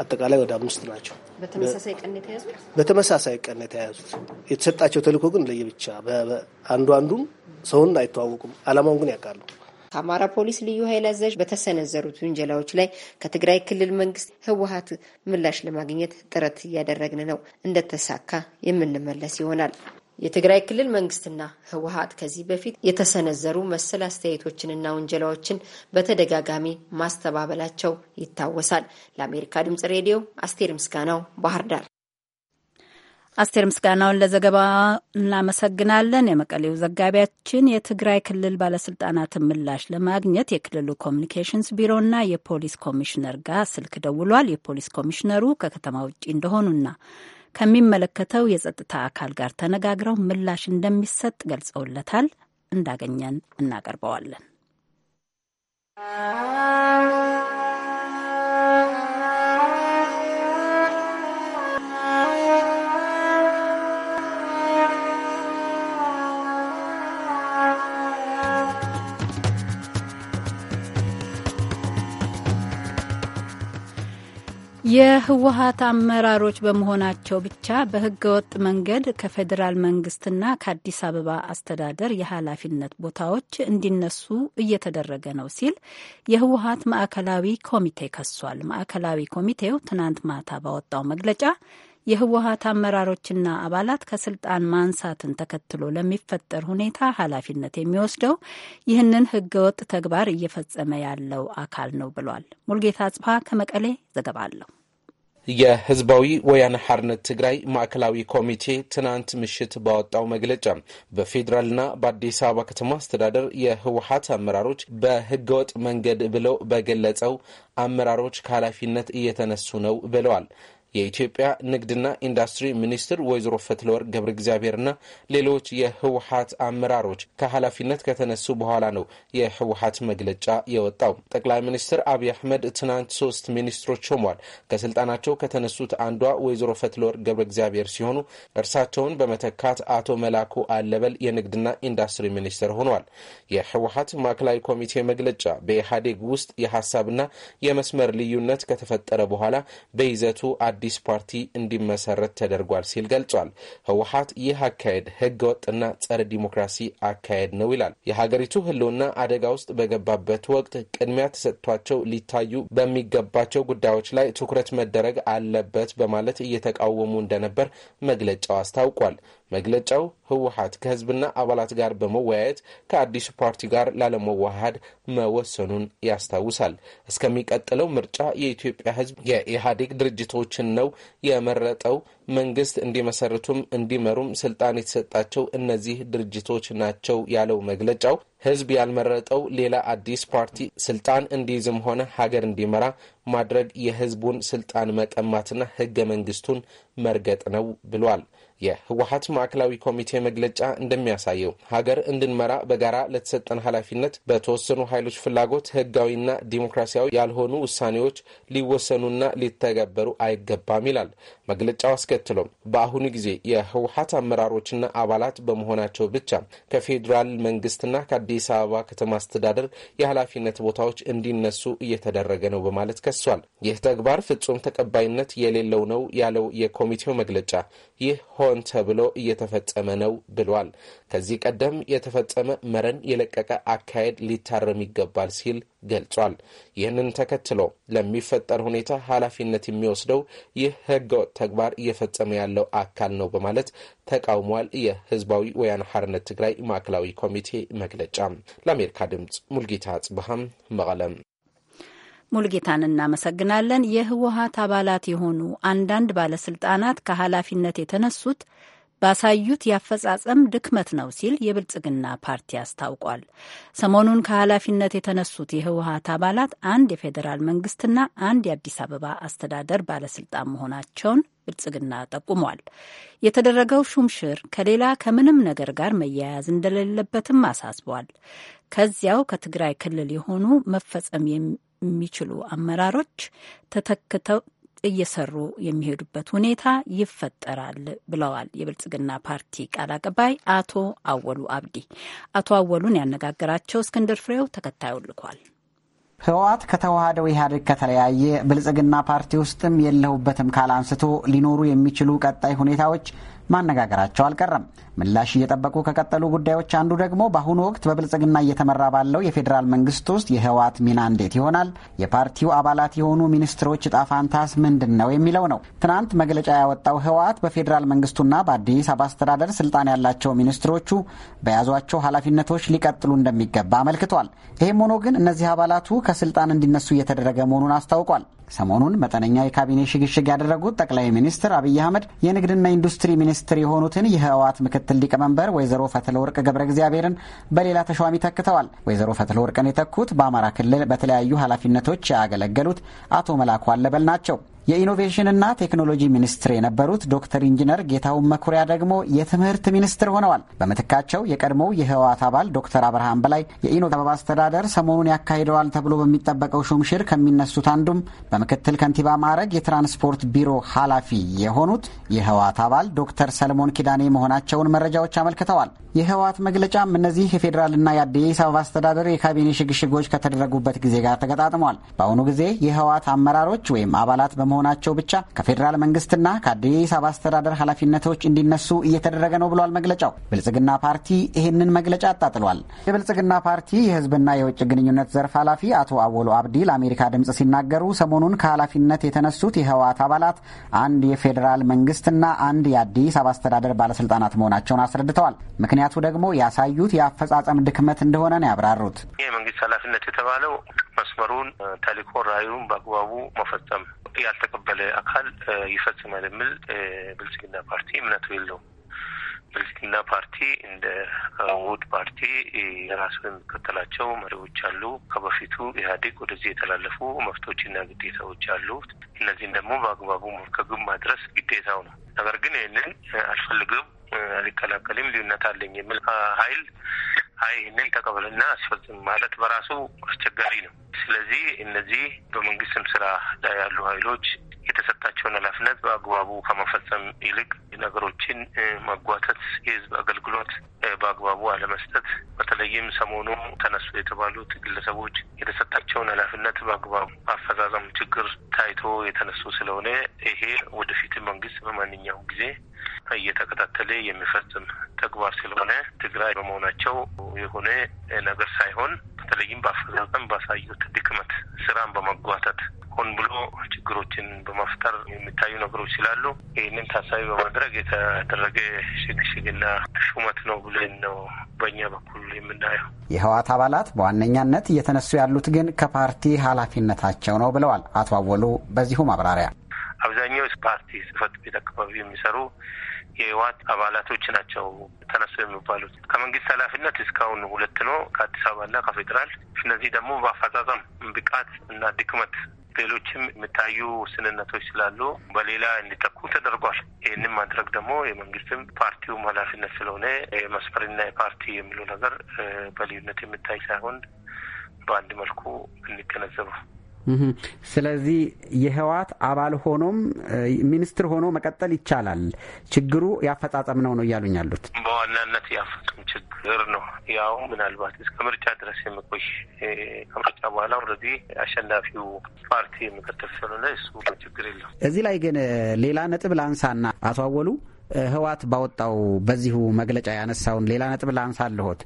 አጠቃላይ ወደ አምስት ናቸው። በተመሳሳይ ቀን የተያዙት የተሰጣቸው ተልእኮ ግን ለየብቻ አንዱ አንዱም ሰውን አይተዋወቁም፣ አላማውን ግን ያውቃሉ። ከአማራ ፖሊስ ልዩ ኃይል አዛዥ በተሰነዘሩት ውንጀላዎች ላይ ከትግራይ ክልል መንግስት ህወሀት ምላሽ ለማግኘት ጥረት እያደረግን ነው። እንደተሳካ የምንመለስ ይሆናል። የትግራይ ክልል መንግስትና ህወሀት ከዚህ በፊት የተሰነዘሩ መሰል አስተያየቶችንና ውንጀላዎችን በተደጋጋሚ ማስተባበላቸው ይታወሳል። ለአሜሪካ ድምጽ ሬዲዮ አስቴር ምስጋናው ባህር ዳር። አስቴር ምስጋናውን ለዘገባ እናመሰግናለን። የመቀሌው ዘጋቢያችን የትግራይ ክልል ባለስልጣናትን ምላሽ ለማግኘት የክልሉ ኮሚኒኬሽንስ ቢሮና የፖሊስ ኮሚሽነር ጋር ስልክ ደውሏል። የፖሊስ ኮሚሽነሩ ከከተማ ውጪ እንደሆኑና ከሚመለከተው የጸጥታ አካል ጋር ተነጋግረው ምላሽ እንደሚሰጥ ገልጸውለታል። እንዳገኘን እናቀርበዋለን። የህወሀት አመራሮች በመሆናቸው ብቻ በህገወጥ መንገድ ከፌዴራል መንግስትና ከአዲስ አበባ አስተዳደር የኃላፊነት ቦታዎች እንዲነሱ እየተደረገ ነው ሲል የህወሀት ማዕከላዊ ኮሚቴ ከሷል። ማዕከላዊ ኮሚቴው ትናንት ማታ ባወጣው መግለጫ የህወሀት አመራሮችና አባላት ከስልጣን ማንሳትን ተከትሎ ለሚፈጠር ሁኔታ ኃላፊነት የሚወስደው ይህንን ህገወጥ ተግባር እየፈጸመ ያለው አካል ነው ብሏል። ሙልጌታ ጽፋ ከመቀሌ ዘገባ አለሁ። የህዝባዊ ወያነ ሐርነት ትግራይ ማዕከላዊ ኮሚቴ ትናንት ምሽት ባወጣው መግለጫ በፌዴራልና በአዲስ አበባ ከተማ አስተዳደር የህወሀት አመራሮች በህገወጥ መንገድ ብለው በገለጸው አመራሮች ከኃላፊነት እየተነሱ ነው ብለዋል። የኢትዮጵያ ንግድና ኢንዱስትሪ ሚኒስትር ወይዘሮ ፈትለወርቅ ገብረ እግዚአብሔርና ሌሎች የህወሀት አመራሮች ከኃላፊነት ከተነሱ በኋላ ነው የህወሀት መግለጫ የወጣው። ጠቅላይ ሚኒስትር አብይ አህመድ ትናንት ሶስት ሚኒስትሮች ሾሟል። ከስልጣናቸው ከተነሱት አንዷ ወይዘሮ ፈትለወርቅ ገብረ እግዚአብሔር ሲሆኑ እርሳቸውን በመተካት አቶ መላኩ አለበል የንግድና ኢንዱስትሪ ሚኒስትር ሆኗል። የህወሀት ማዕከላዊ ኮሚቴ መግለጫ በኢህአዴግ ውስጥ የሀሳብና የመስመር ልዩነት ከተፈጠረ በኋላ በይዘቱ አዲስ ፓርቲ እንዲመሰረት ተደርጓል ሲል ገልጿል። ህወሀት ይህ አካሄድ ወጥና ጸረ ዲሞክራሲ አካሄድ ነው ይላል። የሀገሪቱ ህልውና አደጋ ውስጥ በገባበት ወቅት ቅድሚያ ተሰጥቷቸው ሊታዩ በሚገባቸው ጉዳዮች ላይ ትኩረት መደረግ አለበት በማለት እየተቃወሙ እንደነበር መግለጫው አስታውቋል። መግለጫው ህወሀት ከህዝብና አባላት ጋር በመወያየት ከአዲሱ ፓርቲ ጋር ላለመዋሃድ መወሰኑን ያስታውሳል። እስከሚቀጥለው ምርጫ የኢትዮጵያ ህዝብ የኢህአዴግ ድርጅቶችን ነው የመረጠው። መንግስት እንዲመሰርቱም እንዲመሩም ስልጣን የተሰጣቸው እነዚህ ድርጅቶች ናቸው ያለው መግለጫው ህዝብ ያልመረጠው ሌላ አዲስ ፓርቲ ስልጣን እንዲይዝም ሆነ ሀገር እንዲመራ ማድረግ የህዝቡን ስልጣን መቀማትና ህገ መንግስቱን መርገጥ ነው ብሏል። የህወሀት ማዕከላዊ ኮሚቴ መግለጫ እንደሚያሳየው ሀገር እንድንመራ በጋራ ለተሰጠን ኃላፊነት በተወሰኑ ኃይሎች ፍላጎት ህጋዊና ዲሞክራሲያዊ ያልሆኑ ውሳኔዎች ሊወሰኑና ሊተገበሩ አይገባም ይላል መግለጫው። አስከትሎም በአሁኑ ጊዜ የህወሀት አመራሮችና አባላት በመሆናቸው ብቻ ከፌዴራል መንግስትና ከአዲስ አበባ ከተማ አስተዳደር የኃላፊነት ቦታዎች እንዲነሱ እየተደረገ ነው በማለት ከሷል። ይህ ተግባር ፍጹም ተቀባይነት የሌለው ነው ያለው የኮሚቴው መግለጫ ይህ ሆን ተብሎ እየተፈጸመ ነው ብሏል። ከዚህ ቀደም የተፈጸመ መረን የለቀቀ አካሄድ ሊታረም ይገባል ሲል ገልጿል። ይህንን ተከትሎ ለሚፈጠር ሁኔታ ኃላፊነት የሚወስደው ይህ ህገወጥ ተግባር እየፈጸመ ያለው አካል ነው በማለት ተቃውሟል። የህዝባዊ ወያነ ሓርነት ትግራይ ማዕከላዊ ኮሚቴ መግለጫ። ለአሜሪካ ድምፅ ሙልጌታ ጽብሃም መቀለም ሙልጌታን እናመሰግናለን። የህወሀት አባላት የሆኑ አንዳንድ ባለስልጣናት ከኃላፊነት የተነሱት ባሳዩት የአፈጻጸም ድክመት ነው ሲል የብልጽግና ፓርቲ አስታውቋል። ሰሞኑን ከኃላፊነት የተነሱት የህወሀት አባላት አንድ የፌዴራል መንግስትና አንድ የአዲስ አበባ አስተዳደር ባለስልጣን መሆናቸውን ብልጽግና ጠቁሟል። የተደረገው ሹምሽር ከሌላ ከምንም ነገር ጋር መያያዝ እንደሌለበትም አሳስቧል። ከዚያው ከትግራይ ክልል የሆኑ መፈጸም የሚችሉ አመራሮች ተተክተው እየሰሩ የሚሄዱበት ሁኔታ ይፈጠራል ብለዋል የብልጽግና ፓርቲ ቃል አቀባይ አቶ አወሉ አብዲ። አቶ አወሉን ያነጋገራቸው እስክንድር ፍሬው ተከታዩ ልኳል። ህወሓት ከተዋህደው ኢህአዴግ ከተለያየ ብልጽግና ፓርቲ ውስጥም የለሁበትም ካል አንስቶ ሊኖሩ የሚችሉ ቀጣይ ሁኔታዎች ማነጋገራቸው አልቀረም። ምላሽ እየጠበቁ ከቀጠሉ ጉዳዮች አንዱ ደግሞ በአሁኑ ወቅት በብልጽግና እየተመራ ባለው የፌዴራል መንግስት ውስጥ የህወሓት ሚና እንዴት ይሆናል፣ የፓርቲው አባላት የሆኑ ሚኒስትሮች እጣ ፋንታስ ምንድን ነው የሚለው ነው። ትናንት መግለጫ ያወጣው ህወሓት በፌዴራል መንግስቱና በአዲስ አበባ አስተዳደር ስልጣን ያላቸው ሚኒስትሮቹ በያዟቸው ኃላፊነቶች ሊቀጥሉ እንደሚገባ አመልክቷል። ይህም ሆኖ ግን እነዚህ አባላቱ ከስልጣን እንዲነሱ እየተደረገ መሆኑን አስታውቋል። ሰሞኑን መጠነኛ የካቢኔ ሽግሽግ ያደረጉት ጠቅላይ ሚኒስትር አብይ አህመድ የንግድና ኢንዱስትሪ ሚኒስ ሚኒስትር የሆኑትን የህወሓት ምክትል ሊቀመንበር ወይዘሮ ፈትለ ወርቅ ገብረ እግዚአብሔርን በሌላ ተሿሚ ተክተዋል። ወይዘሮ ፈትለ ወርቅን የተኩት በአማራ ክልል በተለያዩ ኃላፊነቶች ያገለገሉት አቶ መላኩ አለበል ናቸው። የኢኖቬሽንና ቴክኖሎጂ ሚኒስትር የነበሩት ዶክተር ኢንጂነር ጌታውን መኩሪያ ደግሞ የትምህርት ሚኒስትር ሆነዋል። በምትካቸው የቀድሞው የህወሓት አባል ዶክተር አብርሃም በላይ የኢኖ አበባ አስተዳደር ሰሞኑን ያካሂደዋል ተብሎ በሚጠበቀው ሹምሽር ከሚነሱት አንዱም በምክትል ከንቲባ ማዕረግ የትራንስፖርት ቢሮ ኃላፊ የሆኑት የህወሓት አባል ዶክተር ሰለሞን ኪዳኔ መሆናቸውን መረጃዎች አመልክተዋል። የህወሓት መግለጫም እነዚህ የፌዴራልና የአዲስ አበባ አስተዳደር የካቢኔ ሽግሽጎች ከተደረጉበት ጊዜ ጋር ተገጣጥሟል። በአሁኑ ጊዜ የህወሓት አመራሮች ወይም አባላት በመሆ በመሆናቸው ብቻ ከፌዴራል መንግስትና ከአዲስ አበባ አስተዳደር ኃላፊነቶች እንዲነሱ እየተደረገ ነው ብሏል መግለጫው። ብልጽግና ፓርቲ ይህንን መግለጫ አጣጥሏል። የብልጽግና ፓርቲ የህዝብና የውጭ ግንኙነት ዘርፍ ኃላፊ አቶ አወሎ አብዲ ለአሜሪካ ድምፅ ሲናገሩ ሰሞኑን ከኃላፊነት የተነሱት የህወሓት አባላት አንድ የፌዴራል መንግስትና አንድ የአዲስ አበባ አስተዳደር ባለስልጣናት መሆናቸውን አስረድተዋል። ምክንያቱ ደግሞ ያሳዩት የአፈጻጸም ድክመት እንደሆነ ነው ያብራሩት። የመንግስት ኃላፊነት የተባለው መስመሩን፣ ተልዕኮ ራዩን በአግባቡ መፈጸም ያልተቀበለ አካል ይፈጽማል የሚል ብልጽግና ፓርቲ እምነቱ የለውም። ብልጽግና ፓርቲ እንደ ውድ ፓርቲ የራሱ የሚከተላቸው መሪዎች አሉ። ከበፊቱ ኢህአዴግ ወደዚህ የተላለፉ መብቶችና ግዴታዎች አሉ። እነዚህን ደግሞ በአግባቡ ከግብ ማድረስ ግዴታው ነው። ነገር ግን ይህንን አልፈልግም አልቀላቀልም ልዩነት አለኝ የሚል ሀይል አይ ይህንን ተቀበልና አስፈጽም ማለት በራሱ አስቸጋሪ ነው። ስለዚህ እነዚህ በመንግስትም ስራ ላይ ያሉ ሀይሎች የተሰጣቸውን ኃላፊነት በአግባቡ ከመፈጸም ይልቅ ነገሮችን ማጓተት የህዝብ አገልግሎት በአግባቡ አለመስጠት፣ በተለይም ሰሞኑ ተነሱ የተባሉት ግለሰቦች የተሰጣቸውን ኃላፊነት በአግባቡ አፈጻጸም ችግር ታይቶ የተነሱ ስለሆነ ይሄ ወደፊት መንግስት በማንኛውም ጊዜ እየተከታተለ የሚፈጽም ተግባር ስለሆነ ትግራይ በመሆናቸው የሆነ ነገር ሳይሆን በተለይም በአፈጻጸም ባሳዩት ድክመት ስራን በመጓተት ሆን ብሎ ችግሮችን በመፍጠር የሚታዩ ነገሮች ስላሉ ይህንን ታሳቢ በማድረግ የተደረገ ሽግሽግና ሹመት ነው ብለን ነው በእኛ በኩል የምናየው። የህወሓት አባላት በዋነኛነት እየተነሱ ያሉት ግን ከፓርቲ ኃላፊነታቸው ነው ብለዋል አቶ አወሉ። በዚሁ ማብራሪያ አብዛኛው ፓርቲ ጽህፈት ቤት አካባቢ የሚሰሩ የህወሓት አባላቶች ናቸው ተነሱ የሚባሉት። ከመንግስት ኃላፊነት እስካሁን ሁለት ነው፣ ከአዲስ አበባና ከፌዴራል። እነዚህ ደግሞ በአፈጻጸም ብቃት እና ድክመት ሌሎችም የሚታዩ ስንነቶች ስላሉ በሌላ እንዲተኩ ተደርጓል። ይህንም ማድረግ ደግሞ የመንግስትም ፓርቲውም ኃላፊነት ስለሆነ የመስመርና የፓርቲ የሚለው ነገር በልዩነት የሚታይ ሳይሆን በአንድ መልኩ እንገነዘበው። ስለዚህ የህወሓት አባል ሆኖም ሚኒስትር ሆኖ መቀጠል ይቻላል። ችግሩ ያፈጻጸም ነው ነው እያሉኝ ያሉት በዋናነት ያፈጹም ችግር ነው። ያው ምናልባት እስከ ምርጫ ድረስ የመቆይ ከምርጫ በኋላ ኦልሬዲ አሸናፊው ፓርቲ የምቀጥል ስለሆነ እሱ ችግር የለም። እዚህ ላይ ግን ሌላ ነጥብ ላንሳና አቶ አወሉ ህዋት ባወጣው በዚሁ መግለጫ ያነሳውን ሌላ ነጥብ ላንሳልሆት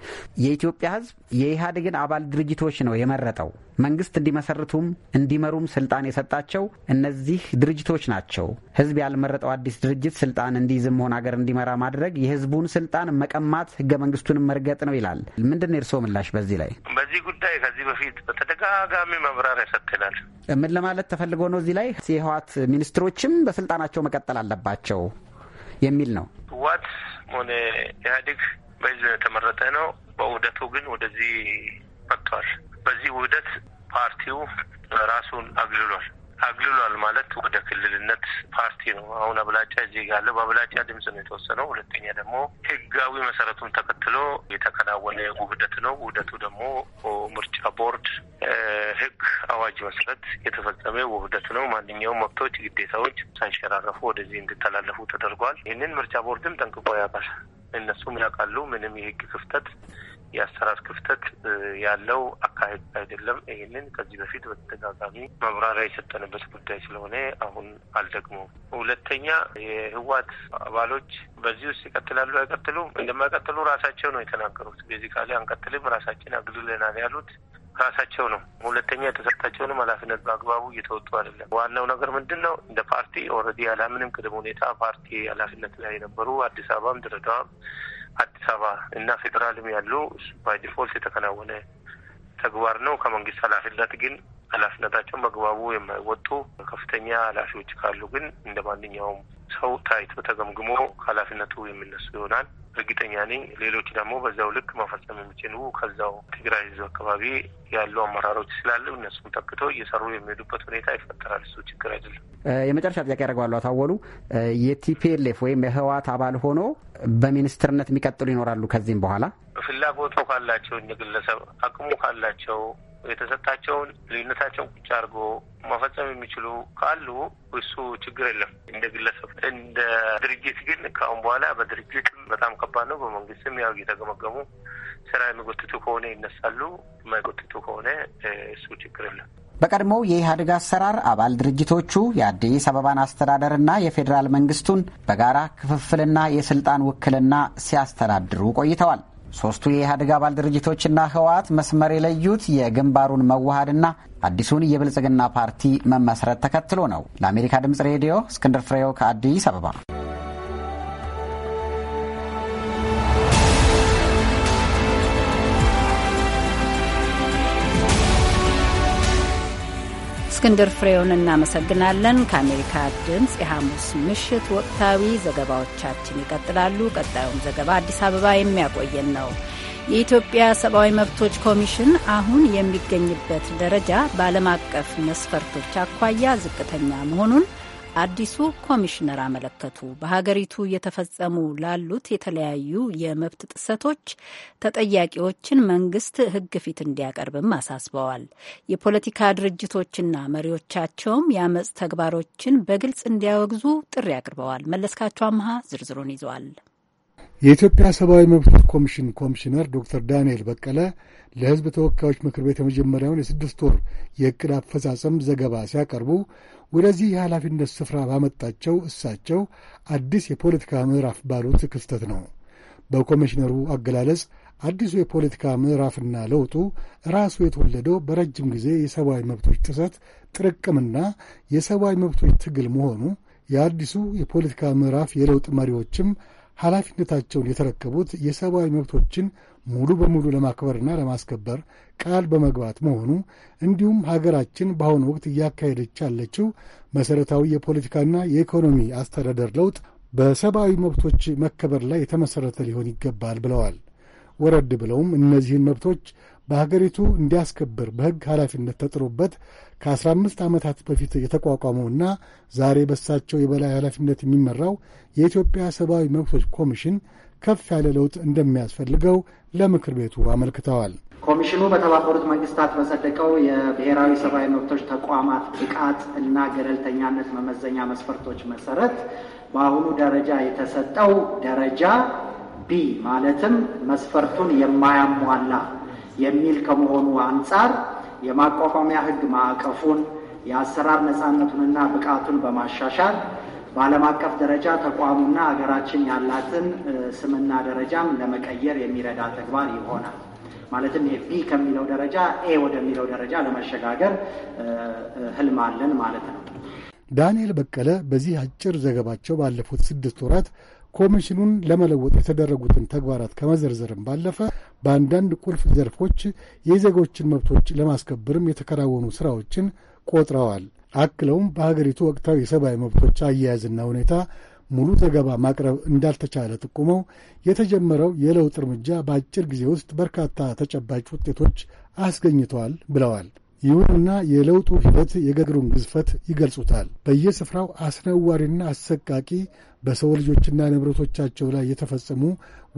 የኢትዮጵያ ህዝብ የኢህአዴግን አባል ድርጅቶች ነው የመረጠው። መንግስት እንዲመሰርቱም እንዲመሩም ስልጣን የሰጣቸው እነዚህ ድርጅቶች ናቸው። ህዝብ ያልመረጠው አዲስ ድርጅት ስልጣን እንዲይዝም ሆነ ሀገር እንዲመራ ማድረግ የህዝቡን ስልጣን መቀማት፣ ህገ መንግስቱንም መርገጥ ነው ይላል። ምንድን ነው የእርስዎ ምላሽ በዚህ ላይ? በዚህ ጉዳይ ከዚህ በፊት በተደጋጋሚ መብራር ሰጥተናል። ምን ለማለት ተፈልጎ ነው እዚህ ላይ የህዋት ሚኒስትሮችም በስልጣናቸው መቀጠል አለባቸው የሚል ነው። ህወሓት ሆነ ኢህአዴግ በህዝብ የተመረጠ ነው። በውህደቱ ግን ወደዚህ መጥቷል። በዚህ ውህደት ፓርቲው ራሱን አግልሏል። አግልሏል ማለት ወደ ክልልነት ፓርቲ ነው። አሁን አብላጫ እዚህ ጋለ በአብላጫ ድምጽ ነው የተወሰነው። ሁለተኛ ደግሞ ህጋዊ መሰረቱን ተከትሎ የተከናወነ ውህደት ነው። ውህደቱ ደግሞ ምርጫ ቦርድ ህግ አዋጅ መሰረት የተፈጸመ ውህደት ነው። ማንኛውም መብቶች፣ ግዴታዎች ሳንሸራረፉ ወደዚህ እንዲተላለፉ ተደርጓል። ይህንን ምርጫ ቦርድም ጠንቅቆ ያውቃል። እነሱም ያውቃሉ። ምንም የህግ ክፍተት የአሰራር ክፍተት ያለው አካሄድ አይደለም። ይህንን ከዚህ በፊት በተደጋጋሚ መብራሪያ የሰጠንበት ጉዳይ ስለሆነ አሁን አልደግሞም። ሁለተኛ የህዋት አባሎች በዚህ ውስጥ ይቀጥላሉ አይቀጥሉም፣ እንደማይቀጥሉ ራሳቸው ነው የተናገሩት። ቤዚካሊ አንቀጥልም፣ ራሳችን አግልለናል ያሉት ራሳቸው ነው። ሁለተኛ የተሰጣቸውንም ኃላፊነት በአግባቡ እየተወጡ አይደለም። ዋናው ነገር ምንድን ነው? እንደ ፓርቲ ኦልሬዲ ያለምንም ቅድመ ሁኔታ ፓርቲ ኃላፊነት ላይ የነበሩ አዲስ አበባም ድሬዳዋም አዲስ አበባ እና ፌዴራልም ያሉ ባይ ዲፎልት የተከናወነ ተግባር ነው። ከመንግስት ኃላፊነት ግን ኃላፊነታቸውን መግባቡ የማይወጡ ከፍተኛ ኃላፊዎች ካሉ ግን እንደ ማንኛውም ሰው ታይቶ ተገምግሞ ከኃላፊነቱ የሚነሱ ይሆናል። እርግጠኛ ነኝ። ሌሎች ደግሞ በዛው ልክ መፈጸም የሚችሉ ከዛው ትግራይ ህዝብ አካባቢ ያሉ አመራሮች ስላለ እነሱም ጠብቶ እየሰሩ የሚሄዱበት ሁኔታ ይፈጠራል። እሱ ችግር አይደለም። የመጨረሻ ጥያቄ ያደርገዋሉ። አታወሉ የቲፒኤልኤፍ ወይም የህወሓት አባል ሆኖ በሚኒስትርነት የሚቀጥሉ ይኖራሉ። ከዚህም በኋላ ፍላጎቱ ካላቸው እንደ ግለሰብ አቅሙ ካላቸው የተሰጣቸውን ልዩነታቸውን ቁጭ አድርጎ መፈጸም የሚችሉ ካሉ እሱ ችግር የለም። እንደ ግለሰብ እንደ ድርጅት ግን ከአሁን በኋላ በድርጅት በጣም ከባድ ነው። በመንግስትም ያው እየተገመገሙ ስራ የሚጎትቱ ከሆነ ይነሳሉ፣ የማይጎትቱ ከሆነ እሱ ችግር የለም። በቀድሞው የኢህአዴግ አሰራር አባል ድርጅቶቹ የአዲስ አበባን አስተዳደርና የፌዴራል መንግስቱን በጋራ ክፍፍልና የስልጣን ውክልና ሲያስተዳድሩ ቆይተዋል። ሶስቱ የኢህአዴግ አባል ድርጅቶችና ህወሓት መስመር የለዩት የግንባሩን መዋሃድና አዲሱን የብልጽግና ፓርቲ መመስረት ተከትሎ ነው። ለአሜሪካ ድምፅ ሬዲዮ እስክንድር ፍሬው ከአዲስ አበባ እስክንድር ፍሬውን እናመሰግናለን። ከአሜሪካ ድምፅ የሐሙስ ምሽት ወቅታዊ ዘገባዎቻችን ይቀጥላሉ። ቀጣዩም ዘገባ አዲስ አበባ የሚያቆየን ነው። የኢትዮጵያ ሰብአዊ መብቶች ኮሚሽን አሁን የሚገኝበት ደረጃ በዓለም አቀፍ መስፈርቶች አኳያ ዝቅተኛ መሆኑን አዲሱ ኮሚሽነር አመለከቱ። በሀገሪቱ እየተፈጸሙ ላሉት የተለያዩ የመብት ጥሰቶች ተጠያቂዎችን መንግስት ሕግ ፊት እንዲያቀርብም አሳስበዋል። የፖለቲካ ድርጅቶችና መሪዎቻቸውም የአመፅ ተግባሮችን በግልጽ እንዲያወግዙ ጥሪ አቅርበዋል። መለስካቸው አምሃ ዝርዝሩን ይዘዋል። የኢትዮጵያ ሰብአዊ መብቶች ኮሚሽን ኮሚሽነር ዶክተር ዳንኤል በቀለ ለሕዝብ ተወካዮች ምክር ቤት የመጀመሪያውን የስድስት ወር የእቅድ አፈጻጸም ዘገባ ሲያቀርቡ ወደዚህ የኃላፊነት ስፍራ ባመጣቸው እሳቸው አዲስ የፖለቲካ ምዕራፍ ባሉት ክስተት ነው። በኮሚሽነሩ አገላለጽ አዲሱ የፖለቲካ ምዕራፍና ለውጡ ራሱ የተወለደው በረጅም ጊዜ የሰብአዊ መብቶች ጥሰት ጥርቅምና የሰብአዊ መብቶች ትግል መሆኑ የአዲሱ የፖለቲካ ምዕራፍ የለውጥ መሪዎችም ኃላፊነታቸውን የተረከቡት የሰብአዊ መብቶችን ሙሉ በሙሉ ለማክበርና ለማስከበር ቃል በመግባት መሆኑ እንዲሁም ሀገራችን በአሁኑ ወቅት እያካሄደች ያለችው መሠረታዊ የፖለቲካና የኢኮኖሚ አስተዳደር ለውጥ በሰብአዊ መብቶች መከበር ላይ የተመሠረተ ሊሆን ይገባል ብለዋል። ወረድ ብለውም እነዚህን መብቶች በሀገሪቱ እንዲያስከብር በሕግ ኃላፊነት ተጥሮበት ከአስራ አምስት ዓመታት በፊት የተቋቋመውና ዛሬ በሳቸው የበላይ ኃላፊነት የሚመራው የኢትዮጵያ ሰብአዊ መብቶች ኮሚሽን ከፍ ያለ ለውጥ እንደሚያስፈልገው ለምክር ቤቱ አመልክተዋል። ኮሚሽኑ በተባበሩት መንግስታት በጸደቀው የብሔራዊ ሰብአዊ መብቶች ተቋማት ብቃት እና ገለልተኛነት መመዘኛ መስፈርቶች መሰረት በአሁኑ ደረጃ የተሰጠው ደረጃ ቢ ማለትም መስፈርቱን የማያሟላ የሚል ከመሆኑ አንጻር የማቋቋሚያ ሕግ ማዕቀፉን የአሰራር ነፃነቱንና ብቃቱን በማሻሻል በዓለም አቀፍ ደረጃ ተቋሙና ሀገራችን ያላትን ስምና ደረጃም ለመቀየር የሚረዳ ተግባር ይሆናል። ማለትም ይሄ ቢ ከሚለው ደረጃ ኤ ወደሚለው ደረጃ ለመሸጋገር ህልም አለን ማለት ነው። ዳንኤል በቀለ በዚህ አጭር ዘገባቸው ባለፉት ስድስት ወራት ኮሚሽኑን ለመለወጥ የተደረጉትን ተግባራት ከመዘርዘርም ባለፈ በአንዳንድ ቁልፍ ዘርፎች የዜጎችን መብቶች ለማስከበርም የተከናወኑ ስራዎችን ቆጥረዋል። አክለውም በሀገሪቱ ወቅታዊ የሰብአዊ መብቶች አያያዝና ሁኔታ ሙሉ ዘገባ ማቅረብ እንዳልተቻለ ጠቁመው የተጀመረው የለውጥ እርምጃ በአጭር ጊዜ ውስጥ በርካታ ተጨባጭ ውጤቶች አስገኝተዋል ብለዋል። ይሁንና የለውጡ ሂደት የገግሩን ግዝፈት ይገልጹታል። በየስፍራው አስነዋሪና አሰቃቂ በሰው ልጆችና ንብረቶቻቸው ላይ የተፈጸሙ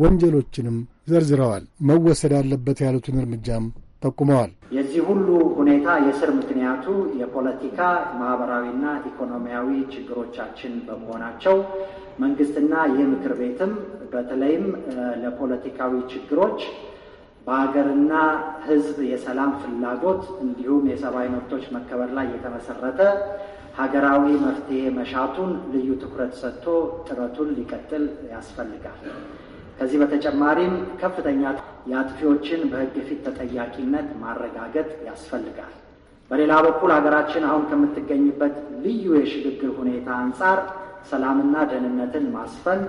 ወንጀሎችንም ዘርዝረዋል። መወሰድ አለበት ያሉትን እርምጃም ጠቁመዋል። የዚህ ሁሉ ሁኔታ የስር ምክንያቱ የፖለቲካ ማህበራዊና ኢኮኖሚያዊ ችግሮቻችን በመሆናቸው መንግስትና ይህ ምክር ቤትም በተለይም ለፖለቲካዊ ችግሮች በሀገርና ሕዝብ የሰላም ፍላጎት እንዲሁም የሰብአዊ መብቶች መከበር ላይ የተመሰረተ ሀገራዊ መፍትሄ መሻቱን ልዩ ትኩረት ሰጥቶ ጥረቱን ሊቀጥል ያስፈልጋል። ከዚህ በተጨማሪም ከፍተኛ የአጥፊዎችን በሕግ ፊት ተጠያቂነት ማረጋገጥ ያስፈልጋል። በሌላ በኩል ሀገራችን አሁን ከምትገኝበት ልዩ የሽግግር ሁኔታ አንጻር ሰላምና ደህንነትን ማስፈን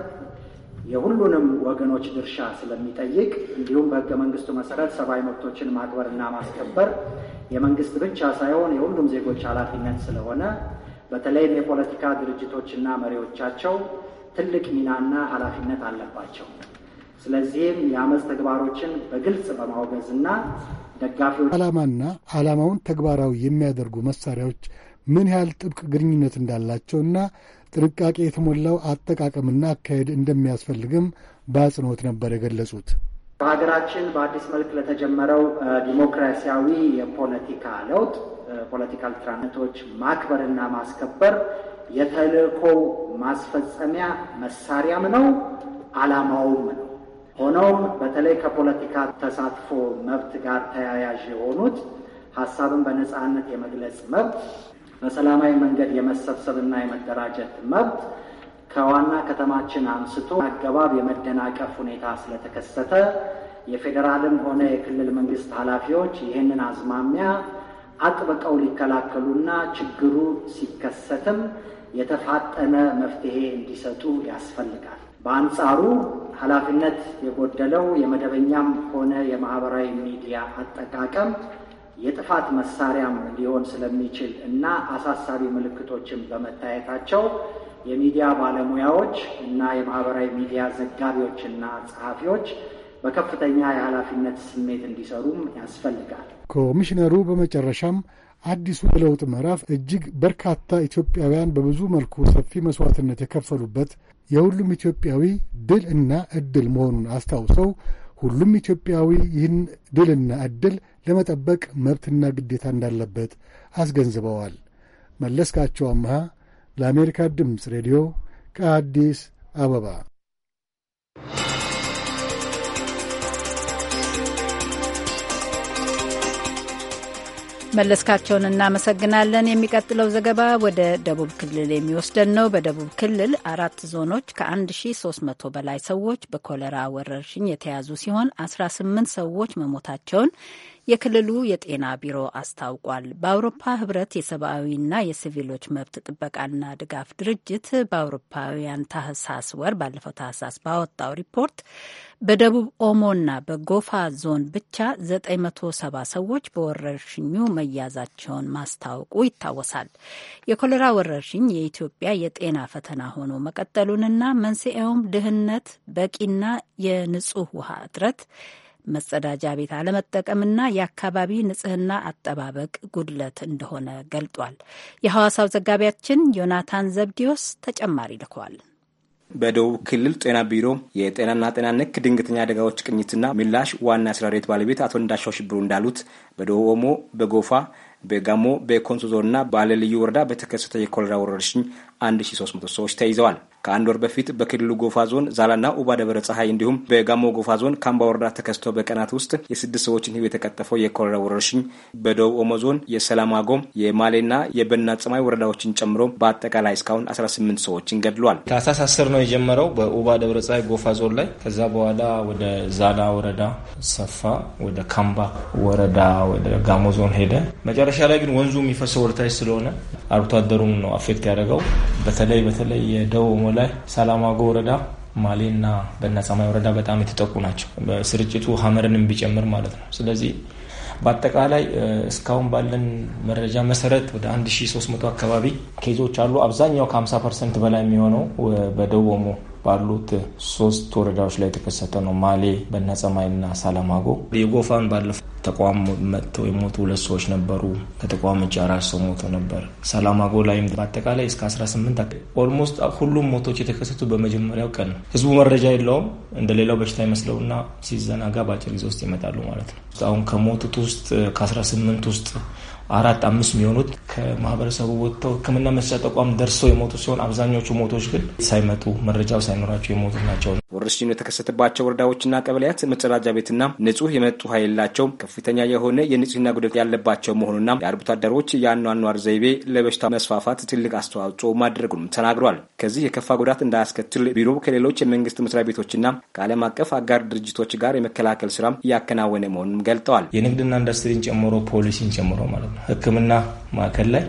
የሁሉንም ወገኖች ድርሻ ስለሚጠይቅ እንዲሁም በሕገ መንግስቱ መሰረት ሰብአዊ መብቶችን ማክበርና ማስከበር የመንግስት ብቻ ሳይሆን የሁሉም ዜጎች ኃላፊነት ስለሆነ በተለይም የፖለቲካ ድርጅቶችና መሪዎቻቸው ትልቅ ሚናና ኃላፊነት አለባቸው። ስለዚህም የአመፅ ተግባሮችን በግልጽ በማውገዝና ደጋፊዎች ዓላማና ዓላማውን ተግባራዊ የሚያደርጉ መሳሪያዎች ምን ያህል ጥብቅ ግንኙነት እንዳላቸውና ጥንቃቄ የተሞላው አጠቃቀምና አካሄድ እንደሚያስፈልግም በአጽንኦት ነበር የገለጹት። በሀገራችን በአዲስ መልክ ለተጀመረው ዲሞክራሲያዊ የፖለቲካ ለውጥ ፖለቲካል ትራንቶች ማክበርና ማስከበር የተልእኮ ማስፈጸሚያ መሳሪያም ነው፣ ዓላማውም ነው። ሆነውም በተለይ ከፖለቲካ ተሳትፎ መብት ጋር ተያያዥ የሆኑት ሀሳብን በነፃነት የመግለጽ መብት፣ በሰላማዊ መንገድ የመሰብሰብና የመደራጀት መብት ከዋና ከተማችን አንስቶ አገባብ የመደናቀፍ ሁኔታ ስለተከሰተ የፌዴራልም ሆነ የክልል መንግስት ኃላፊዎች ይህንን አዝማሚያ አጥብቀው ሊከላከሉና ችግሩ ሲከሰትም የተፋጠነ መፍትሄ እንዲሰጡ ያስፈልጋል። በአንጻሩ ኃላፊነት የጎደለው የመደበኛም ሆነ የማህበራዊ ሚዲያ አጠቃቀም የጥፋት መሳሪያም ሊሆን ስለሚችል እና አሳሳቢ ምልክቶችን በመታየታቸው የሚዲያ ባለሙያዎች እና የማህበራዊ ሚዲያ ዘጋቢዎችና ጸሐፊዎች በከፍተኛ የኃላፊነት ስሜት እንዲሰሩም ያስፈልጋል። ኮሚሽነሩ በመጨረሻም አዲሱ የለውጥ ምዕራፍ እጅግ በርካታ ኢትዮጵያውያን በብዙ መልኩ ሰፊ መስዋዕትነት የከፈሉበት የሁሉም ኢትዮጵያዊ ድል እና እድል መሆኑን አስታውሰው ሁሉም ኢትዮጵያዊ ይህን ድልና እድል ለመጠበቅ መብትና ግዴታ እንዳለበት አስገንዝበዋል። መለስካቸው አምሃ ለአሜሪካ ድምፅ ሬዲዮ ከአዲስ አበባ መለስካቸውን እናመሰግናለን። የሚቀጥለው ዘገባ ወደ ደቡብ ክልል የሚወስደን ነው። በደቡብ ክልል አራት ዞኖች ከ1300 በላይ ሰዎች በኮለራ ወረርሽኝ የተያዙ ሲሆን 18 ሰዎች መሞታቸውን የክልሉ የጤና ቢሮ አስታውቋል። በአውሮፓ ህብረት የሰብአዊና የሲቪሎች መብት ጥበቃና ድጋፍ ድርጅት በአውሮፓውያን ታህሳስ ወር ባለፈው ታህሳስ ባወጣው ሪፖርት በደቡብ ኦሞና በጎፋ ዞን ብቻ 970 ሰዎች በወረርሽኙ መያዛቸውን ማስታወቁ ይታወሳል። የኮሌራ ወረርሽኝ የኢትዮጵያ የጤና ፈተና ሆኖ መቀጠሉንና መንስኤውም ድህነት፣ በቂና የንጹህ ውሃ እጥረት መጸዳጃ ቤት አለመጠቀምና የአካባቢ ንጽህና አጠባበቅ ጉድለት እንደሆነ ገልጧል። የሐዋሳው ዘጋቢያችን ዮናታን ዘብዲዮስ ተጨማሪ ልኳል። በደቡብ ክልል ጤና ቢሮ የጤናና ጤና ነክ ድንገተኛ አደጋዎች ቅኝትና ምላሽ ዋና ስራ ባለቤት አቶ እንዳሻው ሽብሩ እንዳሉት በደቡብ ኦሞ፣ በጎፋ፣ በጋሞ፣ በኮንሶ ዞንና በአለልዩ ወረዳ በተከሰተ የኮሌራ ወረርሽኝ 1300 ሰዎች ተይዘዋል። ከአንድ ወር በፊት በክልሉ ጎፋ ዞን ዛላና ኡባ ደብረ ፀሐይ እንዲሁም በጋሞ ጎፋ ዞን ካምባ ወረዳ ተከስቶ በቀናት ውስጥ የስድስት ሰዎችን ህይወት የተቀጠፈው የኮሌራ ወረርሽኝ በደቡብ ኦሞ ዞን የሰላማጎም የማሌና የበና ጽማይ ወረዳዎችን ጨምሮ በአጠቃላይ እስካሁን 18 ሰዎችን ገድሏል። ታህሳስ 10 ነው የጀመረው በኡባ ደብረ ፀሐይ ጎፋ ዞን ላይ። ከዛ በኋላ ወደ ዛላ ወረዳ ሰፋ፣ ወደ ካምባ ወረዳ፣ ወደ ጋሞ ዞን ሄደ። መጨረሻ ላይ ግን ወንዙ የሚፈሰው ወደታች ስለሆነ አርብቶ አደሩም ነው አፌክት ያደረገው በተለይ በተለይ የደቡብ ላይ ሰላማጎ ወረዳ ማሌና በእናሳማይ ወረዳ በጣም የተጠቁ ናቸው። ስርጭቱ ሀመርንም ቢጨምር ማለት ነው። ስለዚህ በአጠቃላይ እስካሁን ባለን መረጃ መሰረት ወደ 1300 አካባቢ ኬዞች አሉ። አብዛኛው ከ50 ፐርሰንት በላይ የሚሆነው በደቡብ ኦሞ ባሉት ሶስት ወረዳዎች ላይ የተከሰተ ነው። ማሌ፣ በነጸማይና ሳላማጎ የጎፋን ባለፈ ተቋም መጥተው የሞቱ ሁለት ሰዎች ነበሩ። ከተቋም ውጭ አራት ሰው ሞቶ ነበር። ሳላማጎ ላይም በአጠቃላይ እስከ 18 ኦልሞስት ሁሉም ሞቶች የተከሰቱ በመጀመሪያው ቀን ነው። ህዝቡ መረጃ የለውም። እንደሌላው በሽታ ይመስለውና ሲዘናጋ በአጭር ጊዜ ውስጥ ይመጣሉ ማለት ነው። አሁን ከሞቱት ውስጥ ከ18 ውስጥ አራት አምስት የሚሆኑት ከማህበረሰቡ ወጥተው ሕክምና መስጫ ተቋም ደርሰው የሞቱ ሲሆን አብዛኞቹ ሞቶች ግን ሳይመጡ መረጃው ሳይኖራቸው የሞቱ ናቸው። ወረርሽኙ የተከሰተባቸው ወረዳዎችና ቀበሌያት መጸዳጃ ቤትና ንጹህ የመጡ ውሃ የሌላቸው፣ ከፍተኛ የሆነ የንጽህና ጉደት ያለባቸው መሆኑና የአርብቶ አደሮች የአኗኗር ዘይቤ ለበሽታ መስፋፋት ትልቅ አስተዋጽኦ ማድረጉንም ተናግሯል። ከዚህ የከፋ ጉዳት እንዳያስከትል ቢሮ ከሌሎች የመንግስት መስሪያ ቤቶችና ከዓለም አቀፍ አጋር ድርጅቶች ጋር የመከላከል ስራም እያከናወነ መሆኑን ገልጠዋል። የንግድና ኢንዱስትሪን ጨምሮ ፖሊሲን ጨምሮ ማለት ነው ሕክምና ማዕከል ላይ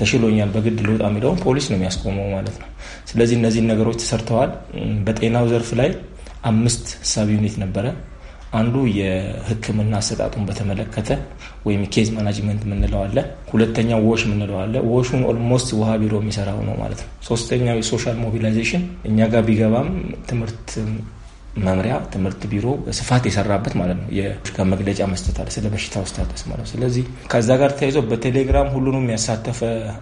ተሽሎኛል በግድ ልውጣ የሚለውን ፖሊስ ነው የሚያስቆመው ማለት ነው። ስለዚህ እነዚህን ነገሮች ተሰርተዋል። በጤናው ዘርፍ ላይ አምስት ሰብ ዩኒት ነበረ። አንዱ የህክምና አሰጣጡን በተመለከተ ወይም ኬዝ ማናጅመንት የምንለው አለ። ሁለተኛው ዎሽ የምንለው አለ። ዎሹን ኦልሞስት ውሃ ቢሮ የሚሰራው ነው ማለት ነው። ሶስተኛው የሶሻል ሞቢላይዜሽን እኛ ጋር ቢገባም ትምህርት መምሪያ ትምህርት ቢሮ ስፋት የሰራበት ማለት ነው። የሽጋ መግለጫ መስጠት አለ ስለ በሽታው ስታተስ ማለት ነው። ስለዚህ ከዛ ጋር ተያይዞ በቴሌግራም ሁሉንም ያሳተፈ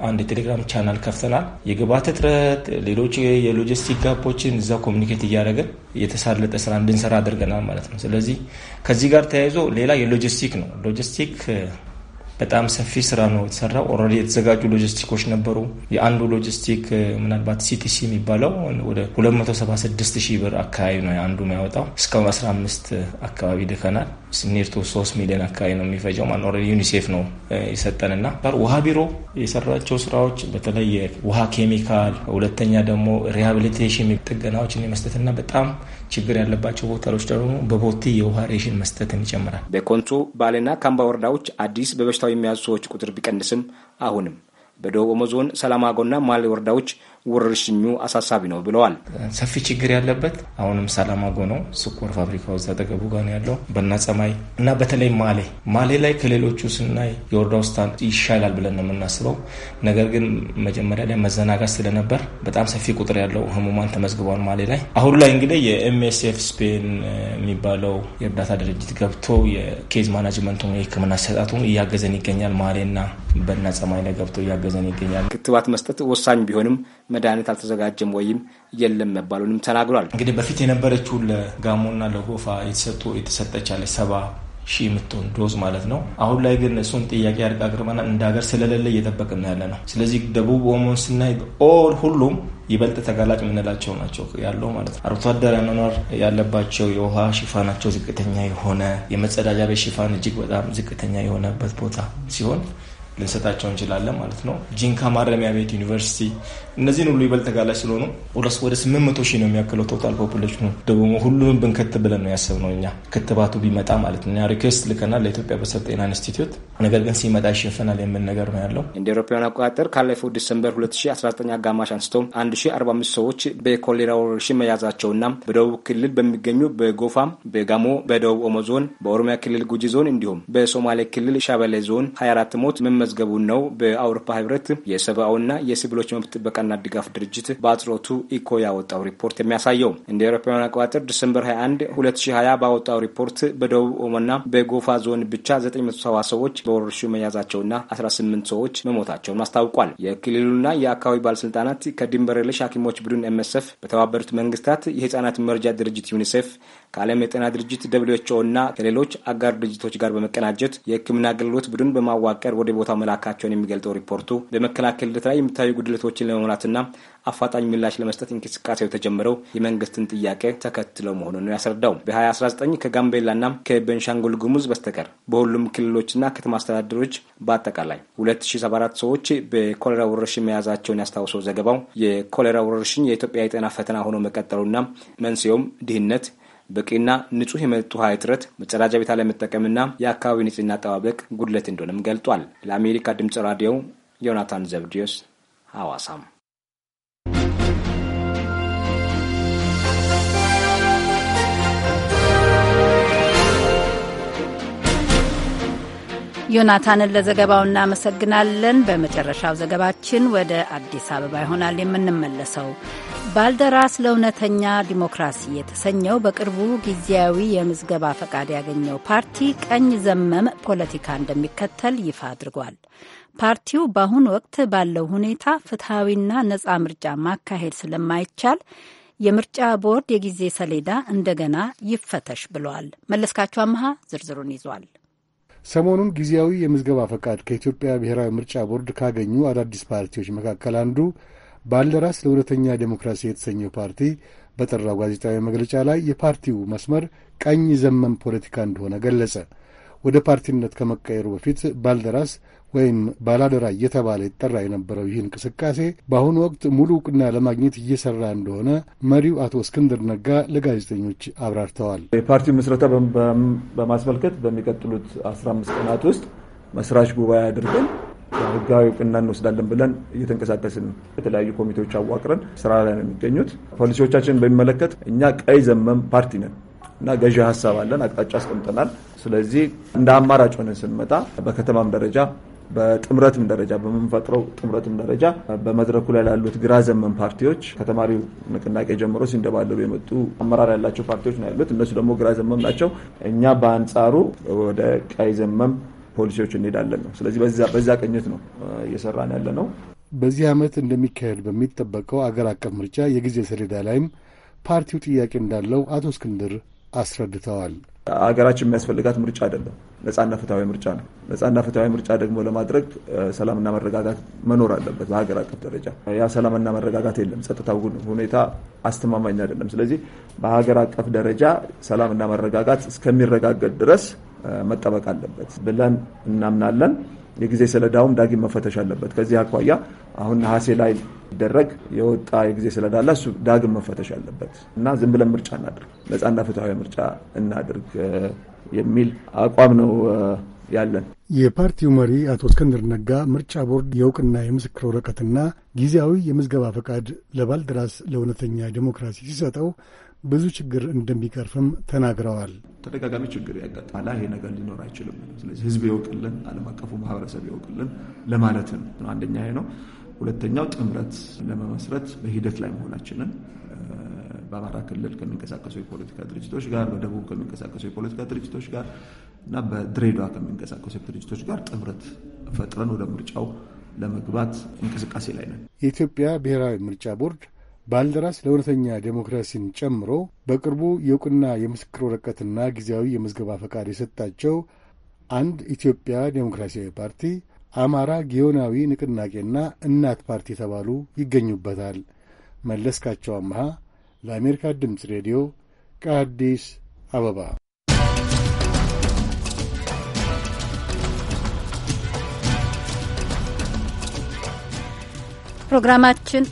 አንድ የቴሌግራም ቻናል ከፍተናል። የግብአት እጥረት፣ ሌሎች የሎጂስቲክ ጋፖችን እዛ ኮሚኒኬት እያደረገ የተሳለጠ ስራ እንድንሰራ አድርገናል ማለት ነው። ስለዚህ ከዚህ ጋር ተያይዞ ሌላ የሎጂስቲክ ነው ሎጂስቲክ በጣም ሰፊ ስራ ነው የተሰራው። ኦልሬዲ የተዘጋጁ ሎጂስቲኮች ነበሩ። የአንዱ ሎጂስቲክ ምናልባት ሲቲሲ የሚባለው ወደ 276 ሺህ ብር አካባቢ ነው አንዱ የሚያወጣው። እስካሁን 15 አካባቢ ድከናል። ስኔርቱ 3 ሚሊዮን አካባቢ ነው የሚፈጀው። ማ ኦልሬዲ ዩኒሴፍ ነው የሰጠንና ውሃ ቢሮ የሰራቸው ስራዎች በተለይ ውሃ ኬሚካል፣ ሁለተኛ ደግሞ ሪሃብሊቴሽን ጥገናዎችን የመስጠትና በጣም ችግር ያለባቸው ቦታዎች ደግሞ በቦቲ የውሃ ሬሽን መስጠትን ይጨምራል። በኮንሶ ባሌና ካምባ ወረዳዎች አዲስ በበሽታው የሚያዙ ሰዎች ቁጥር ቢቀንስም አሁንም በደቡብ ኦሞ ዞን ሰላማጎና ማሌ ወረዳዎች ወረርሽኙ አሳሳቢ ነው ብለዋል። ሰፊ ችግር ያለበት አሁንም ሰላማጎ ነው። ስኮር ፋብሪካ ውስጥ አጠገቡ ጋር ያለው። በና ጸማይ እና በተለይ ማሌ ማሌ ላይ ከሌሎቹ ስናይ የወረዳ ውስጥ ይሻላል ብለን ነው የምናስበው። ነገር ግን መጀመሪያ ላይ መዘናጋት ስለነበር በጣም ሰፊ ቁጥር ያለው ህሙማን ተመዝግቧል ማሌ ላይ። አሁን ላይ እንግዲህ የኤምኤስኤፍ ስፔን የሚባለው የእርዳታ ድርጅት ገብቶ የኬዝ ማናጅመንቱ የህክምና አሰጣጡን እያገዘን ይገኛል። ማሌና በና ጸማይ ላይ ገብቶ እያገዘን ይገኛል። ክትባት መስጠት ወሳኝ ቢሆንም መድኃኒት አልተዘጋጀም ወይም የለም መባሉንም ተናግሯል። እንግዲህ በፊት የነበረችው ለጋሞና ለጎፋ የተሰጡ የተሰጠቻለች ሰባ ሺህ የምትሆን ዶዝ ማለት ነው። አሁን ላይ ግን እሱን ጥያቄ አድርግ አቅርበናል እንደ ሀገር ስለሌለ እየጠበቅን ያለ ነው። ስለዚህ ደቡብ ኦሞን ስናይ ኦል ሁሉም ይበልጥ ተጋላጭ የምንላቸው ናቸው ያለው ማለት ነው። አርብቶ አደር አኗኗር ያለባቸው የውሃ ሽፋናቸው ዝቅተኛ የሆነ የመጸዳጃ ቤት ሽፋን እጅግ በጣም ዝቅተኛ የሆነበት ቦታ ሲሆን ልንሰጣቸው እንችላለን ማለት ነው። ጂንካ ማረሚያ ቤት ዩኒቨርሲቲ እነዚህን ሁሉ ይበልጥ ተጋላጭ ስለሆኑ ፕላስ ወደ ስምንት መቶ ሺህ ነው የሚያክለው ቶታል ፖፑሌሽኑ ደግሞ ሁሉንም ብንከት ብለን ነው ያሰብነው እኛ ክትባቱ ቢመጣ ማለት ነው። ሪኩዌስት ልከናል ለኢትዮጵያ በሰብ ጤና ኢንስቲትዩት፣ ነገር ግን ሲመጣ ይሸፈናል የምን ነገር ነው ያለው። እንደ አውሮፓውያን አቆጣጠር ካለፈው ዲሰምበር 2019 አጋማሽ አንስቶ 1045 ሰዎች በኮሌራ ወረርሽኝ መያዛቸውና በደቡብ ክልል በሚገኙ በጎፋም፣ በጋሞ፣ በደቡብ ኦሞ ዞን፣ በኦሮሚያ ክልል ጉጂ ዞን እንዲሁም በሶማሌ ክልል ሻበሌ ዞን 24 ሞት መመዝገቡን ነው በአውሮፓ ህብረት የሰብአውና የሲቪሎች መብት ጥበቃ እርዳታና ድጋፍ ድርጅት በአጽሮቱ ኢኮ ያወጣው ሪፖርት የሚያሳየው እንደ ኤሮፓውያን አቆጣጠር ዲሰምበር 21 2020 ባወጣው ሪፖርት በደቡብ ኦሞና በጎፋ ዞን ብቻ 970 ሰዎች በወረርሽኙ መያዛቸውና 18 ሰዎች መሞታቸውን አስታውቋል። የክልሉና የአካባቢ ባለስልጣናት ከድንበር የለሽ ሐኪሞች ቡድን ኤምኤስኤፍ፣ በተባበሩት መንግስታት የህጻናት መርጃ ድርጅት ዩኒሴፍ ከዓለም የጤና ድርጅት ደብሊውኤችኦ እና ከሌሎች አጋር ድርጅቶች ጋር በመቀናጀት የሕክምና አገልግሎት ቡድን በማዋቀር ወደ ቦታው መላካቸውን የሚገልጠው ሪፖርቱ በመከላከል ሂደት ላይ የሚታዩ ጉድለቶችን ለመሙላትና አፋጣኝ ምላሽ ለመስጠት እንቅስቃሴው የተጀመረው የመንግስትን ጥያቄ ተከትለው መሆኑን ነው ያስረዳው። በ2019 ከጋምቤላና ከቤንሻንጉል ጉሙዝ በስተቀር በሁሉም ክልሎችና ከተማ አስተዳደሮች በአጠቃላይ 2074 ሰዎች በኮሌራ ወረርሽኝ መያዛቸውን ያስታውሰው ዘገባው የኮሌራ ወረርሽኝ የኢትዮጵያ የጤና ፈተና ሆኖ መቀጠሉና መንስኤውም ድህነት በቂና ንጹህ የመጠጥ ውሃ እጥረት፣ መጸዳጃ ቤት አለመጠቀምና የአካባቢ ንጽህና አጠባበቅ ጉድለት እንደሆነም ገልጧል። ለአሜሪካ ድምጽ ራዲዮ ዮናታን ዘብዲዮስ ሐዋሳም ዮናታንን ለዘገባው እናመሰግናለን። በመጨረሻው ዘገባችን ወደ አዲስ አበባ ይሆናል የምንመለሰው። ባልደራስ ለእውነተኛ ዲሞክራሲ የተሰኘው በቅርቡ ጊዜያዊ የምዝገባ ፈቃድ ያገኘው ፓርቲ ቀኝ ዘመም ፖለቲካ እንደሚከተል ይፋ አድርጓል። ፓርቲው በአሁኑ ወቅት ባለው ሁኔታ ፍትሐዊና ነጻ ምርጫ ማካሄድ ስለማይቻል የምርጫ ቦርድ የጊዜ ሰሌዳ እንደገና ይፈተሽ ብለዋል። መለስካቸው አመሃ ዝርዝሩን ይዟል። ሰሞኑን ጊዜያዊ የምዝገባ ፈቃድ ከኢትዮጵያ ብሔራዊ ምርጫ ቦርድ ካገኙ አዳዲስ ፓርቲዎች መካከል አንዱ ባልደራስ ለእውነተኛ ዴሞክራሲ የተሰኘው ፓርቲ በጠራው ጋዜጣዊ መግለጫ ላይ የፓርቲው መስመር ቀኝ ዘመም ፖለቲካ እንደሆነ ገለጸ። ወደ ፓርቲነት ከመቀየሩ በፊት ባልደራስ ወይም ባላደራ እየተባለ ይጠራ የነበረው ይህ እንቅስቃሴ በአሁኑ ወቅት ሙሉ እውቅና ለማግኘት እየሰራ እንደሆነ መሪው አቶ እስክንድር ነጋ ለጋዜጠኞች አብራርተዋል። የፓርቲ ምስረታ በማስመልከት በሚቀጥሉት 15 ቀናት ውስጥ መስራች ጉባኤ አድርገን ህጋዊ እውቅና እንወስዳለን ብለን እየተንቀሳቀስን የተለያዩ ኮሚቴዎች አዋቅረን ስራ ላይ ነው የሚገኙት። ፖሊሲዎቻችን በሚመለከት እኛ ቀይ ዘመም ፓርቲ ነን እና ገዢ ሀሳብ አለን፣ አቅጣጫ አስቀምጠናል። ስለዚህ እንደ አማራጭ ሆነን ስንመጣ በከተማም ደረጃ በጥምረትም ደረጃ በምንፈጥረው ጥምረትም ደረጃ በመድረኩ ላይ ላሉት ግራ ዘመን ፓርቲዎች ከተማሪው ንቅናቄ ጀምሮ ሲንደባለሉ የመጡ አመራር ያላቸው ፓርቲዎች ነው ያሉት። እነሱ ደግሞ ግራ ዘመም ናቸው። እኛ በአንጻሩ ወደ ቀይ ዘመም ፖሊሲዎች እንሄዳለን ነው። ስለዚህ በዚያ ቅኝት ነው እየሰራን ያለ ነው። በዚህ ዓመት እንደሚካሄድ በሚጠበቀው አገር አቀፍ ምርጫ የጊዜ ሰሌዳ ላይም ፓርቲው ጥያቄ እንዳለው አቶ እስክንድር አስረድተዋል። አገራችን የሚያስፈልጋት ምርጫ አይደለም፣ ነጻና ፍትሐዊ ምርጫ ነው። ነጻና ፍትሐዊ ምርጫ ደግሞ ለማድረግ ሰላምና መረጋጋት መኖር አለበት በሀገር አቀፍ ደረጃ። ያ ሰላምና መረጋጋት የለም፣ ጸጥታ ሁኔታ አስተማማኝ አይደለም። ስለዚህ በሀገር አቀፍ ደረጃ ሰላምና መረጋጋት እስከሚረጋገጥ ድረስ መጠበቅ አለበት ብለን እናምናለን። የጊዜ ሰሌዳውም ዳግም መፈተሽ አለበት። ከዚህ አኳያ አሁን ነሐሴ ላይ ይደረግ የወጣ የጊዜ ሰሌዳ አለ። እሱ ዳግም መፈተሽ አለበት እና ዝም ብለን ምርጫ እናድርግ፣ ነጻና ፍትሐዊ ምርጫ እናድርግ የሚል አቋም ነው ያለን። የፓርቲው መሪ አቶ እስክንድር ነጋ ምርጫ ቦርድ የእውቅና የምስክር ወረቀትና ጊዜያዊ የምዝገባ ፈቃድ ለባልደራስ ለእውነተኛ ዲሞክራሲ ሲሰጠው ብዙ ችግር እንደሚቀርፍም ተናግረዋል። ተደጋጋሚ ችግር ያጋጥማል። ይሄ ነገር ሊኖር አይችልም። ስለዚህ ህዝብ ይወቅልን፣ ዓለም አቀፉ ማህበረሰብ ይወቅልን ለማለት አንደኛ ይሄ ነው። ሁለተኛው ጥምረት ለመመስረት በሂደት ላይ መሆናችንን በአማራ ክልል ከሚንቀሳቀሱ የፖለቲካ ድርጅቶች ጋር፣ በደቡብ ከሚንቀሳቀሱ የፖለቲካ ድርጅቶች ጋር እና በድሬዳዋ ከሚንቀሳቀሱ ድርጅቶች ጋር ጥምረት ፈጥረን ወደ ምርጫው ለመግባት እንቅስቃሴ ላይ ነን። የኢትዮጵያ ብሔራዊ ምርጫ ቦርድ ባልደራስ ለእውነተኛ ዴሞክራሲን ጨምሮ በቅርቡ የእውቅና የምስክር ወረቀትና ጊዜያዊ የምዝገባ ፈቃድ የሰጣቸው አንድ ኢትዮጵያ ዴሞክራሲያዊ ፓርቲ፣ አማራ ጊዮናዊ ንቅናቄና እናት ፓርቲ የተባሉ ይገኙበታል። መለስካቸው አምሃ ለአሜሪካ ድምፅ ሬዲዮ ከአዲስ አበባ። ፕሮግራማችን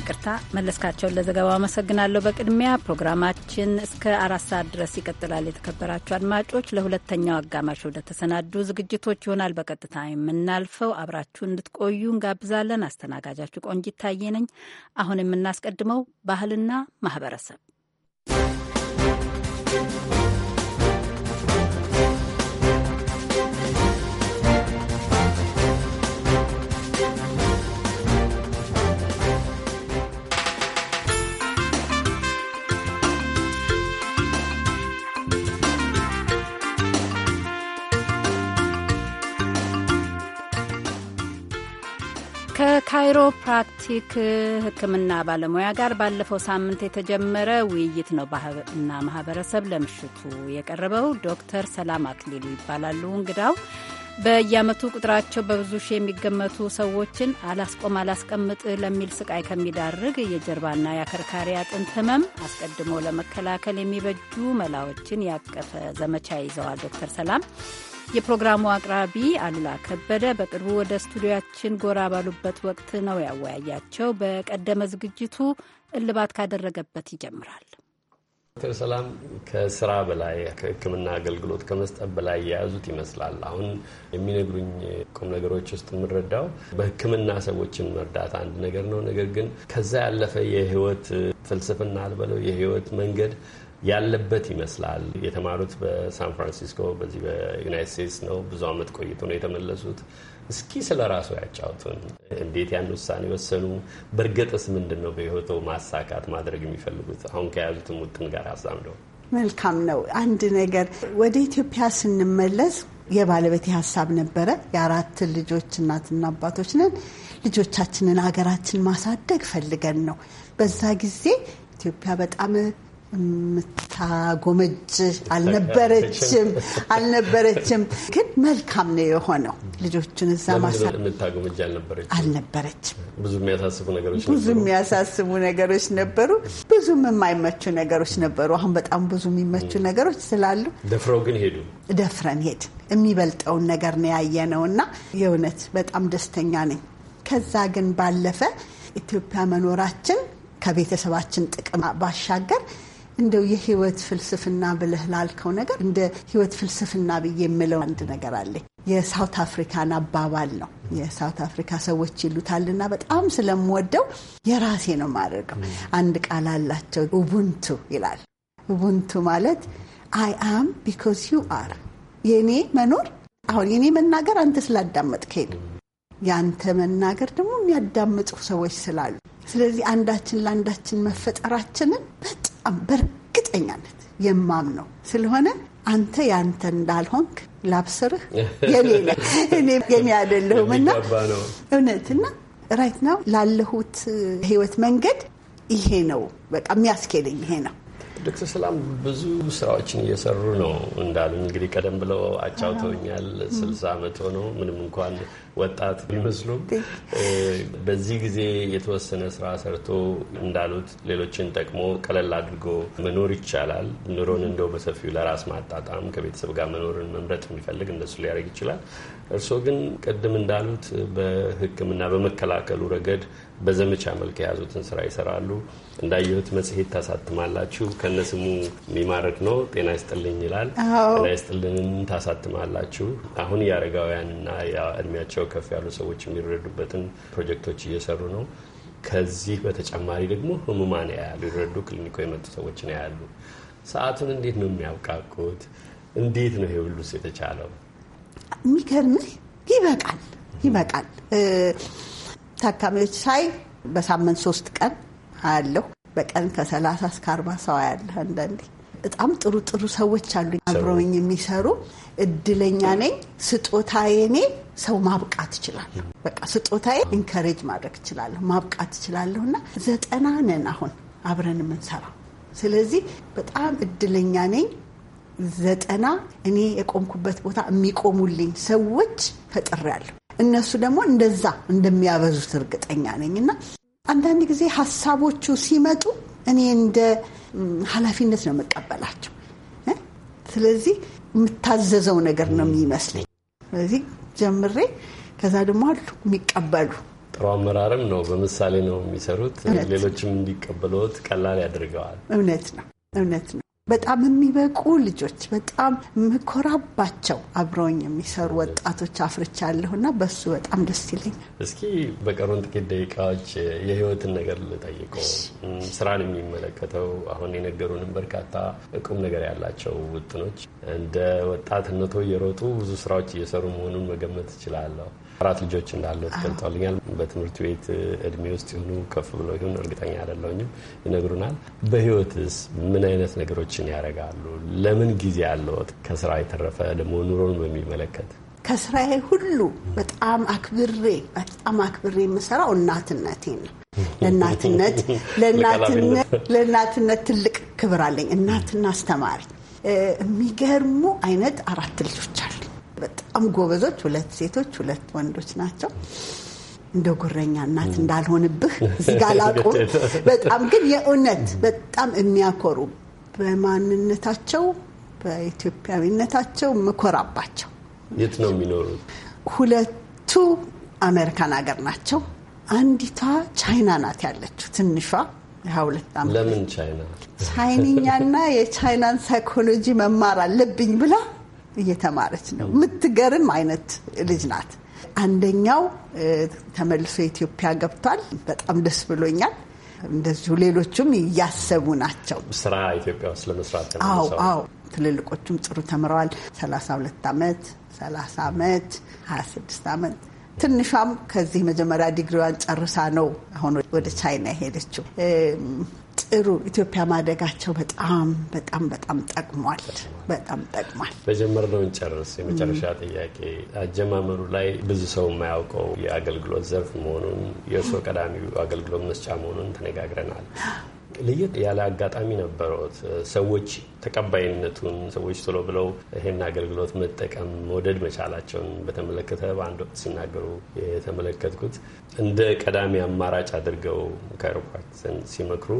ይቅርታ መለስካቸውን ለዘገባው አመሰግናለሁ። በቅድሚያ ፕሮግራማችን እስከ አራት ሰዓት ድረስ ይቀጥላል። የተከበራችሁ አድማጮች፣ ለሁለተኛው አጋማሽ ወደ ተሰናዱ ዝግጅቶች ይሆናል በቀጥታ የምናልፈው። አብራችሁ እንድትቆዩ እንጋብዛለን። አስተናጋጃችሁ ቆንጅ ታዬ ነኝ። አሁን የምናስቀድመው ባህልና ማህበረሰብ ከካይሮፕራክቲክ ህክምና ሕክምና ባለሙያ ጋር ባለፈው ሳምንት የተጀመረ ውይይት ነው ባህልና ማህበረሰብ ለምሽቱ የቀረበው። ዶክተር ሰላም አክሊሉ ይባላሉ እንግዳው። በየዓመቱ ቁጥራቸው በብዙ ሺህ የሚገመቱ ሰዎችን አላስቆም አላስቀምጥ ለሚል ስቃይ ከሚዳርግ የጀርባና የአከርካሪ አጥንት ህመም አስቀድሞ ለመከላከል የሚበጁ መላዎችን ያቀፈ ዘመቻ ይዘዋል ዶክተር ሰላም የፕሮግራሙ አቅራቢ አሉላ ከበደ በቅርቡ ወደ ስቱዲያችን ጎራ ባሉበት ወቅት ነው ያወያያቸው። በቀደመ ዝግጅቱ እልባት ካደረገበት ይጀምራል። ዶክተር ሰላም ከስራ በላይ ከሕክምና አገልግሎት ከመስጠት በላይ የያዙት ይመስላል። አሁን የሚነግሩኝ ቁም ነገሮች ውስጥ የምረዳው በሕክምና ሰዎችን መርዳት አንድ ነገር ነው። ነገር ግን ከዛ ያለፈ የህይወት ፍልስፍና አልበለው የህይወት መንገድ ያለበት ይመስላል። የተማሩት በሳን ፍራንሲስኮ በዚህ በዩናይት ስቴትስ ነው። ብዙ ዓመት ቆይቶ ነው የተመለሱት። እስኪ ስለ ራሱ ያጫውቱን። እንዴት ያን ውሳኔ ወሰኑ? በእርግጥስ ምንድን ነው በህይወቶ ማሳካት ማድረግ የሚፈልጉት? አሁን ከያዙትም ውጥን ጋር አዛምደው። መልካም ነው። አንድ ነገር ወደ ኢትዮጵያ ስንመለስ የባለቤቴ ሀሳብ ነበረ። የአራት ልጆች እናትና አባቶች ነን። ልጆቻችንን አገራችን ማሳደግ ፈልገን ነው። በዛ ጊዜ ኢትዮጵያ በጣም የምታጎመጅ አልነበረችም አልነበረችም። ግን መልካም ነው የሆነው። ልጆቹን እዛ ማሳ አልነበረችም። ብዙ የሚያሳስቡ ነገሮች ነበሩ። ብዙም የማይመቹ ነገሮች ነበሩ። አሁን በጣም ብዙ የሚመቹ ነገሮች ስላሉ ደፍረው ግን ሄዱ። ደፍረን ሄድ የሚበልጠውን ነገር ነው ያየነው እና የእውነት በጣም ደስተኛ ነኝ። ከዛ ግን ባለፈ ኢትዮጵያ መኖራችን ከቤተሰባችን ጥቅም ባሻገር እንደው የህይወት ፍልስፍና ብለህ ላልከው ነገር እንደ ህይወት ፍልስፍና ብዬ የምለው አንድ ነገር አለኝ። የሳውት አፍሪካን አባባል ነው። የሳውት አፍሪካ ሰዎች ይሉታልና በጣም ስለምወደው የራሴ ነው ማድረገው። አንድ ቃል አላቸው፣ ኡቡንቱ ይላል። ኡቡንቱ ማለት አይ አም ቢኮዝ ዩ አር፣ የእኔ መኖር አሁን የእኔ መናገር አንተ ስላዳመጥከኝ ነው። የአንተ መናገር ደግሞ የሚያዳምጡ ሰዎች ስላሉ ስለዚህ አንዳችን ለአንዳችን መፈጠራችንን በጣም በእርግጠኛነት ነው ስለሆነ አንተ ያንተ እንዳልሆንክ ላብስርህ [laughs] እኔ የኔ አይደለሁም እና እውነትና ራይት ናው ላለሁት ህይወት መንገድ ይሄ ነው። በቃ የሚያስኬደኝ ይሄ ነው። ዶክተር ሰላም ብዙ ስራዎችን እየሰሩ ነው እንዳሉ እንግዲህ ቀደም ብለው አጫውተውኛል። ስልሳ ዓመት ሆነው ምንም እንኳን ወጣት ቢመስሉም በዚህ ጊዜ የተወሰነ ስራ ሰርቶ እንዳሉት ሌሎችን ጠቅሞ ቀለል አድርጎ መኖር ይቻላል። ኑሮን እንደው በሰፊው ለራስ ማጣጣም ከቤተሰብ ጋር መኖርን መምረጥ የሚፈልግ እንደሱ ሊያደርግ ይችላል። እርስዎ ግን ቅድም እንዳሉት በሕክምና በመከላከሉ ረገድ በዘመቻ መልክ የያዙትን ስራ ይሰራሉ። እንዳየሁት መጽሔት ታሳትማላችሁ። ከነስሙ የሚማረክ ነው። ጤና ይስጥልኝ ይላል። ጤና ይስጥልንን ታሳትማላችሁ። አሁን የአረጋውያንና እድሜያቸው ከፍ ያሉ ሰዎች የሚረዱበትን ፕሮጀክቶች እየሰሩ ነው። ከዚህ በተጨማሪ ደግሞ ህሙማን ያያሉ፣ ይረዱ ክሊኒኮ የመጡ ሰዎች ነው ያሉ። ሰዓቱን እንዴት ነው የሚያውቃቁት? እንዴት ነው ይሄ ሁሉስ የተቻለው? የሚገርምህ ይበቃል ይበቃል። ታካሚዎች ሳይ በሳምንት ሶስት ቀን አያለሁ። በቀን ከሰላሳ እስከ አርባ ሰው አያለህ። አንዳንዴ በጣም ጥሩ ጥሩ ሰዎች አሉ አብረውኝ የሚሰሩ እድለኛ ነኝ። ስጦታ የኔ ሰው ማብቃት እችላለሁ። በቃ ስጦታዬ ኢንከሬጅ ማድረግ እችላለሁ፣ ማብቃት እችላለሁ። እና ዘጠና ነን አሁን አብረን የምንሰራው። ስለዚህ በጣም እድለኛ ነኝ። ዘጠና እኔ የቆምኩበት ቦታ የሚቆሙልኝ ሰዎች ፈጥሬያለሁ። እነሱ ደግሞ እንደዛ እንደሚያበዙት እርግጠኛ ነኝ። እና አንዳንድ ጊዜ ሀሳቦቹ ሲመጡ እኔ እንደ ኃላፊነት ነው የምቀበላቸው። ስለዚህ የምታዘዘው ነገር ነው የሚመስለኝ። ስለዚህ ጀምሬ ከዛ ደግሞ አሉ የሚቀበሉ ጥሩ አመራርም ነው። በምሳሌ ነው የሚሰሩት። ሌሎችም እንዲቀበሉት ቀላል ያደርገዋል። እውነት ነው፣ እውነት ነው። በጣም የሚበቁ ልጆች፣ በጣም የምኮራባቸው አብረውኝ የሚሰሩ ወጣቶች አፍርቻለሁ እና በሱ በጣም ደስ ይለኛል። እስኪ በቀሩን ጥቂት ደቂቃዎች የህይወትን ነገር ልጠይቆ ስራን የሚመለከተው አሁን የነገሩንም በርካታ ቁም ነገር ያላቸው ውጥኖች እንደ ወጣትነቶ እየሮጡ ብዙ ስራዎች እየሰሩ መሆኑን መገመት እችላለሁ። አራት ልጆች እንዳሉት ገልጸውልኛል። በትምህርት ቤት እድሜ ውስጥ የሆኑ ከፍ ብሎ ይሁን እርግጠኛ አይደለሁኝም ይነግሩናል። በህይወትስ ምን አይነት ነገሮችን ያደርጋሉ? ለምን ጊዜ አለዎት? ከስራ የተረፈ ደግሞ ኑሮን በሚመለከት ከስራዬ ሁሉ በጣም አክብሬ በጣም አክብሬ የምሰራው እናትነቴ ነው። ለእናትነት [laughs] ለእናትነት ትልቅ ክብር አለኝ። እናትና አስተማሪ የሚገርሙ አይነት አራት ልጆች አሉ በጣም ጎበዞች ሁለት ሴቶች ሁለት ወንዶች ናቸው። እንደ ጉረኛ እናት እንዳልሆንብህ እዚጋ ጋ [laughs] በጣም ግን የእውነት በጣም የሚያኮሩ በማንነታቸው በኢትዮጵያዊነታቸው ምኮራባቸው። የት ነው የሚኖሩት? ሁለቱ አሜሪካን ሀገር ናቸው። አንዲቷ ቻይና ናት ያለችው ትንሿ ሁለት ዓመት ለምን ቻይና ቻይንኛና የቻይናን ሳይኮሎጂ መማር አለብኝ ብላ እየተማረች ነው። የምትገርም አይነት ልጅ ናት። አንደኛው ተመልሶ ኢትዮጵያ ገብቷል። በጣም ደስ ብሎኛል። እንደዚሁ ሌሎቹም እያሰቡ ናቸው ስራ ኢትዮጵያ ውስጥ ለመስራት። አዎ አዎ፣ ትልልቆቹም ጥሩ ተምረዋል። 32 ዓመት፣ 30 ዓመት፣ 26 ዓመት ትንሿም ከዚህ መጀመሪያ ዲግሪዋን ጨርሳ ነው አሁን ወደ ቻይና የሄደችው። ጥሩ ኢትዮጵያ ማደጋቸው በጣም በጣም በጣም ጠቅሟል። በጣም ጠቅሟል። በጀመርነው እንጨርስ። የመጨረሻ ጥያቄ አጀማመሩ ላይ ብዙ ሰው የማያውቀው የአገልግሎት ዘርፍ መሆኑን የእርስዎ ቀዳሚው አገልግሎት መስጫ መሆኑን ተነጋግረናል። ለየት ያለ አጋጣሚ ነበረዎት። ሰዎች ተቀባይነቱን ሰዎች ቶሎ ብለው ይህን አገልግሎት መጠቀም መውደድ መቻላቸውን በተመለከተ በአንድ ወቅት ሲናገሩ የተመለከትኩት እንደ ቀዳሚ አማራጭ አድርገው ከርኳትን ሲመክሩ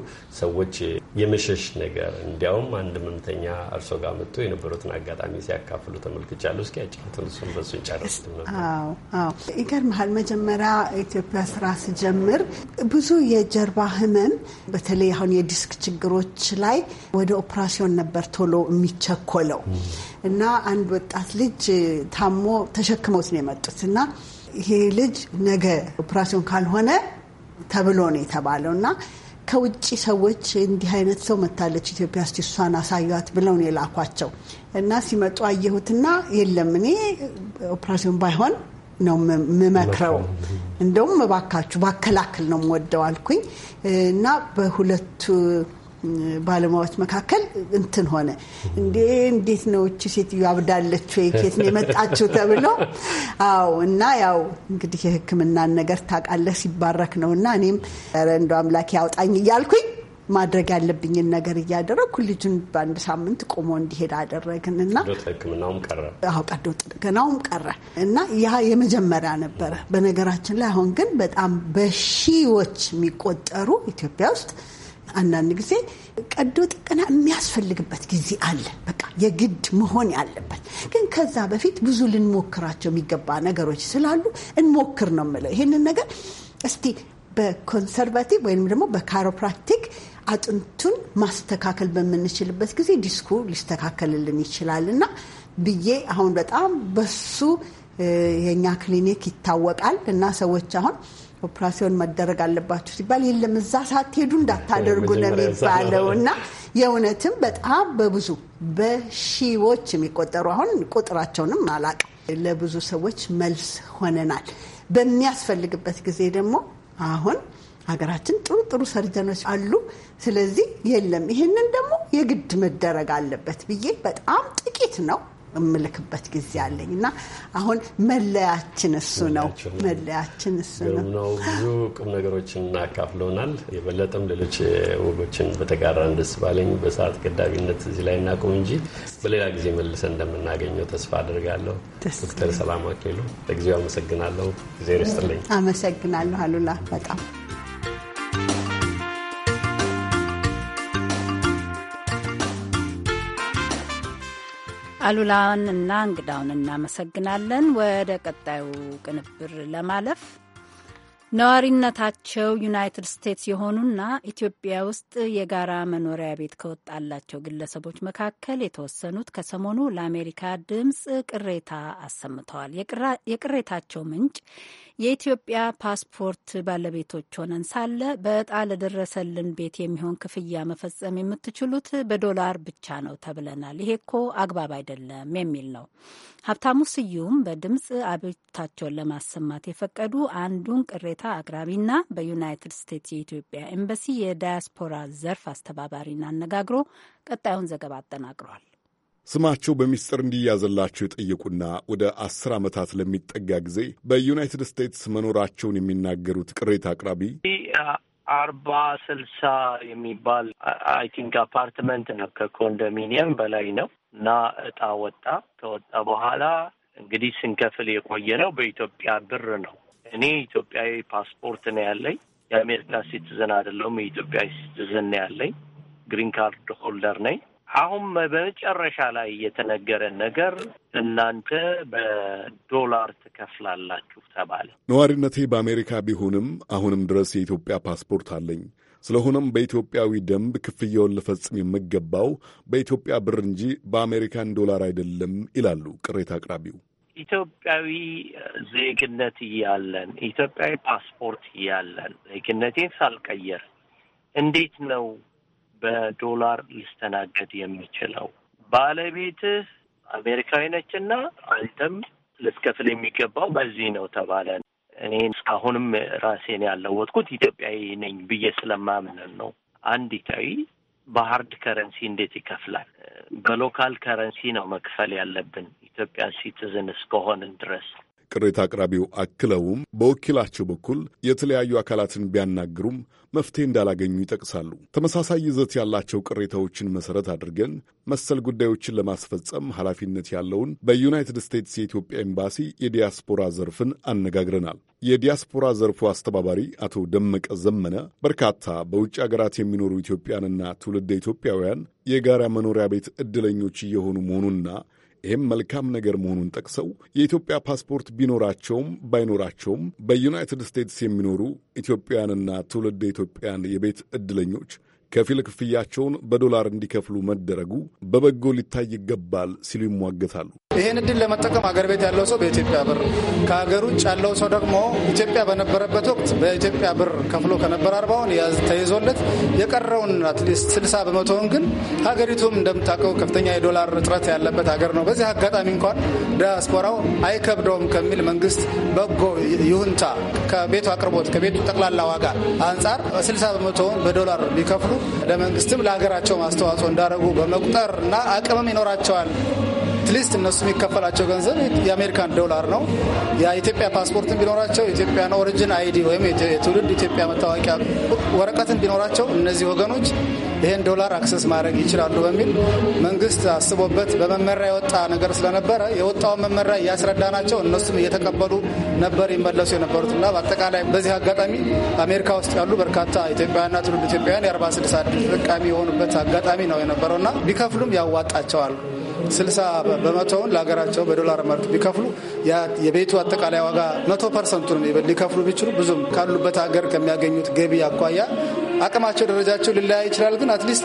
ሰዎች የመሸሽ ነገር እንዲያውም አንድ ህመምተኛ እርሶ ጋር መጥቶ የነበሩትን አጋጣሚ ሲያካፍሉ ተመልክቻለሁ። እስኪ ያጭፉትን እሱን በሱን ጨረስት ነበር። ይገርምሃል፣ መጀመሪያ ኢትዮጵያ ስራ ስጀምር ብዙ የጀርባ ህመም በተለይ አሁን የዲስክ ችግሮች ላይ ወደ ኦፕራሲዮን ነበር ቶሎ የሚቸኮለው እና አንድ ወጣት ልጅ ታሞ ተሸክመውት ነው የመጡት እና ይሄ ልጅ ነገ ኦፕራሲዮን ካልሆነ ተብሎ ነው የተባለው እና ከውጭ ሰዎች እንዲህ አይነት ሰው መታለች ኢትዮጵያ ውስጥ እሷን አሳዩት ብለው ነው የላኳቸው እና ሲመጡ አየሁትና የለም እኔ ኦፕራሲዮን ባይሆን ነው ምመክረው እንደውም ባካችሁ ባከላክል ነው ወደው አልኩኝ እና በሁለቱ ባለሙያዎች መካከል እንትን ሆነ እንዴ እንዴት ነው እቺ ሴትዮ አብዳለች ወይ ኬት ነው የመጣችው ተብሎ አዎ እና ያው እንግዲህ የህክምናን ነገር ታውቃለህ ሲባረክ ነው እና እኔም ኧረ እንደው አምላኬ ያውጣኝ እያልኩኝ ማድረግ ያለብኝን ነገር እያደረግኩ ልጁን በአንድ ሳምንት ቆሞ እንዲሄድ አደረግን እና ቀዶ ጥገናውም ቀረ እና ያ የመጀመሪያ ነበረ። በነገራችን ላይ አሁን ግን በጣም በሺዎች የሚቆጠሩ ኢትዮጵያ ውስጥ አንዳንድ ጊዜ ቀዶ ጥገና የሚያስፈልግበት ጊዜ አለ። በቃ የግድ መሆን ያለበት ግን ከዛ በፊት ብዙ ልንሞክራቸው የሚገባ ነገሮች ስላሉ እንሞክር ነው የምለው። ይህንን ነገር እስቲ በኮንሰርቫቲቭ ወይም ደግሞ በካይሮፕራክቲክ አጥንቱን ማስተካከል በምንችልበት ጊዜ ዲስኩ ሊስተካከልልን ይችላል እና ብዬ አሁን በጣም በሱ የእኛ ክሊኒክ ይታወቃል እና ሰዎች አሁን ኦፕራሲዮን መደረግ አለባቸው ሲባል የለም እዛ ሳትሄዱ እንዳታደርጉ ነው የሚባለው። እና የእውነትም በጣም በብዙ በሺዎች የሚቆጠሩ አሁን ቁጥራቸውንም አላቅም ለብዙ ሰዎች መልስ ሆነናል። በሚያስፈልግበት ጊዜ ደግሞ አሁን ሀገራችን ጥሩ ጥሩ ሰርጀኖች አሉ። ስለዚህ የለም ይህንን ደግሞ የግድ መደረግ አለበት ብዬ በጣም ጥቂት ነው እምልክበት ጊዜ አለኝ እና አሁን መለያችን እሱ ነው። መለያችን እሱ ነው። ብዙ ቁም ነገሮችን እናካፍለውናል። የበለጠም ሌሎች ወጎችን በተጋራን ደስ ባለኝ በሰዓት ገዳቢነት እዚህ ላይ እናቁም እንጂ በሌላ ጊዜ መልሰን እንደምናገኘው ተስፋ አድርጋለሁ። ዶክተር ሰላም አክሊሉ ለጊዜው አመሰግናለሁ። ጊዜ ርስጥልኝ። አመሰግናለሁ አሉላ በጣም አሉላን እና እንግዳውን እናመሰግናለን። ወደ ቀጣዩ ቅንብር ለማለፍ ነዋሪነታቸው ዩናይትድ ስቴትስ የሆኑና ኢትዮጵያ ውስጥ የጋራ መኖሪያ ቤት ከወጣላቸው ግለሰቦች መካከል የተወሰኑት ከሰሞኑ ለአሜሪካ ድምፅ ቅሬታ አሰምተዋል። የቅሬታቸው ምንጭ የኢትዮጵያ ፓስፖርት ባለቤቶች ሆነን ሳለ በዕጣ ለደረሰልን ቤት የሚሆን ክፍያ መፈጸም የምትችሉት በዶላር ብቻ ነው ተብለናል። ይሄ እኮ አግባብ አይደለም የሚል ነው። ሀብታሙ ስዩም በድምፅ አቤቱታቸውን ለማሰማት የፈቀዱ አንዱን ቅሬ ቅሬታ አቅራቢና በዩናይትድ ስቴትስ የኢትዮጵያ ኤምባሲ የዳያስፖራ ዘርፍ አስተባባሪን አነጋግሮ ቀጣዩን ዘገባ አጠናቅሯል። ስማቸው በሚስጥር እንዲያዘላቸው የጠየቁና ወደ አስር ዓመታት ለሚጠጋ ጊዜ በዩናይትድ ስቴትስ መኖራቸውን የሚናገሩት ቅሬታ አቅራቢ አርባ ስልሳ የሚባል አይ ቲንክ አፓርትመንት ነው። ከኮንዶሚኒየም በላይ ነው እና እጣ ወጣ። ከወጣ በኋላ እንግዲህ ስንከፍል የቆየ ነው። በኢትዮጵያ ብር ነው እኔ ኢትዮጵያዊ ፓስፖርት ነው ያለኝ። የአሜሪካ ሲቲዝን አይደለሁም። የኢትዮጵያ ሲቲዝን ነው ያለኝ። ግሪን ካርድ ሆልደር ነኝ። አሁን በመጨረሻ ላይ የተነገረን ነገር እናንተ በዶላር ትከፍላላችሁ ተባለ። ነዋሪነቴ በአሜሪካ ቢሆንም አሁንም ድረስ የኢትዮጵያ ፓስፖርት አለኝ። ስለሆነም በኢትዮጵያዊ ደንብ ክፍያውን ልፈጽም የምገባው በኢትዮጵያ ብር እንጂ በአሜሪካን ዶላር አይደለም ይላሉ ቅሬታ አቅራቢው። ኢትዮጵያዊ ዜግነት እያለን ኢትዮጵያዊ ፓስፖርት እያለን ዜግነቴን ሳልቀየር እንዴት ነው በዶላር ሊስተናገድ የሚችለው? ባለቤትህ አሜሪካዊ ነችና አንተም ልትከፍል የሚገባው በዚህ ነው ተባለ። እኔ እስካሁንም ራሴን ያለወጥኩት ኢትዮጵያዊ ነኝ ብዬ ስለማምንን ነው። አንድ ኢትዮጵያዊ በሀርድ ከረንሲ እንዴት ይከፍላል? በሎካል ከረንሲ ነው መክፈል ያለብን ኢትዮጵያ ሲቲዝን እስከሆንን ድረስ ቅሬታ አቅራቢው አክለውም በወኪላቸው በኩል የተለያዩ አካላትን ቢያናግሩም መፍትሄ እንዳላገኙ ይጠቅሳሉ። ተመሳሳይ ይዘት ያላቸው ቅሬታዎችን መሰረት አድርገን መሰል ጉዳዮችን ለማስፈጸም ኃላፊነት ያለውን በዩናይትድ ስቴትስ የኢትዮጵያ ኤምባሲ የዲያስፖራ ዘርፍን አነጋግረናል። የዲያስፖራ ዘርፉ አስተባባሪ አቶ ደመቀ ዘመነ በርካታ በውጭ ሀገራት የሚኖሩ ኢትዮጵያንና ትውልደ ኢትዮጵያውያን የጋራ መኖሪያ ቤት እድለኞች እየሆኑ መሆኑና። ይህም መልካም ነገር መሆኑን ጠቅሰው የኢትዮጵያ ፓስፖርት ቢኖራቸውም ባይኖራቸውም በዩናይትድ ስቴትስ የሚኖሩ ኢትዮጵያውያንና ትውልድ ኢትዮጵያን የቤት ዕድለኞች ከፊል ክፍያቸውን በዶላር እንዲከፍሉ መደረጉ በበጎ ሊታይ ይገባል ሲሉ ይሟገታሉ። ይህን እድል ለመጠቀም አገር ቤት ያለው ሰው በኢትዮጵያ ብር፣ ከሀገር ውጭ ያለው ሰው ደግሞ ኢትዮጵያ በነበረበት ወቅት በኢትዮጵያ ብር ከፍሎ ከነበረ አርባውን ተይዞለት የቀረውን አትሊስት ስልሳ በመቶውን ግን ሀገሪቱም እንደምታውቀው ከፍተኛ የዶላር እጥረት ያለበት ሀገር ነው። በዚህ አጋጣሚ እንኳን ዲያስፖራው አይከብደውም ከሚል መንግስት በጎ ይሁንታ ከቤቱ አቅርቦት ከቤቱ ጠቅላላ ዋጋ አንጻር ስልሳ በመቶውን በዶላር ቢከፍሉ ለመንግስትም ለሀገራቸው ማስተዋጽኦ እንዳደረጉ በመቁጠር እና አቅምም ይኖራቸዋል። አትሊስት እነሱ የሚከፈላቸው ገንዘብ የአሜሪካን ዶላር ነው። የኢትዮጵያ ፓስፖርትን ቢኖራቸው የኢትዮጵያን ኦሪጅን አይዲ ወይም የትውልድ ኢትዮጵያ መታወቂያ ወረቀትን ቢኖራቸው እነዚህ ወገኖች ይህን ዶላር አክሰስ ማድረግ ይችላሉ በሚል መንግስት አስቦበት በመመሪያ የወጣ ነገር ስለነበረ የወጣውን መመሪያ እያስረዳ ናቸው። እነሱም እየተቀበሉ ነበር ይመለሱ የነበሩት እና በአጠቃላይ በዚህ አጋጣሚ አሜሪካ ውስጥ ያሉ በርካታ ኢትዮጵያውያንና ትውልድ ኢትዮጵያውያን የ46 አዲስ ተጠቃሚ የሆኑበት አጋጣሚ ነው የነበረውና ቢከፍሉም ያዋጣቸዋል። ስልሳ በመቶውን ለሀገራቸው በዶላር መልክ ቢከፍሉ የቤቱ አጠቃላይ ዋጋ መቶ ፐርሰንቱን ሊከፍሉ ቢችሉ ብዙም ካሉበት ሀገር ከሚያገኙት ገቢ አኳያ አቅማቸው ደረጃቸው ሊለያይ ይችላል። ግን አትሊስት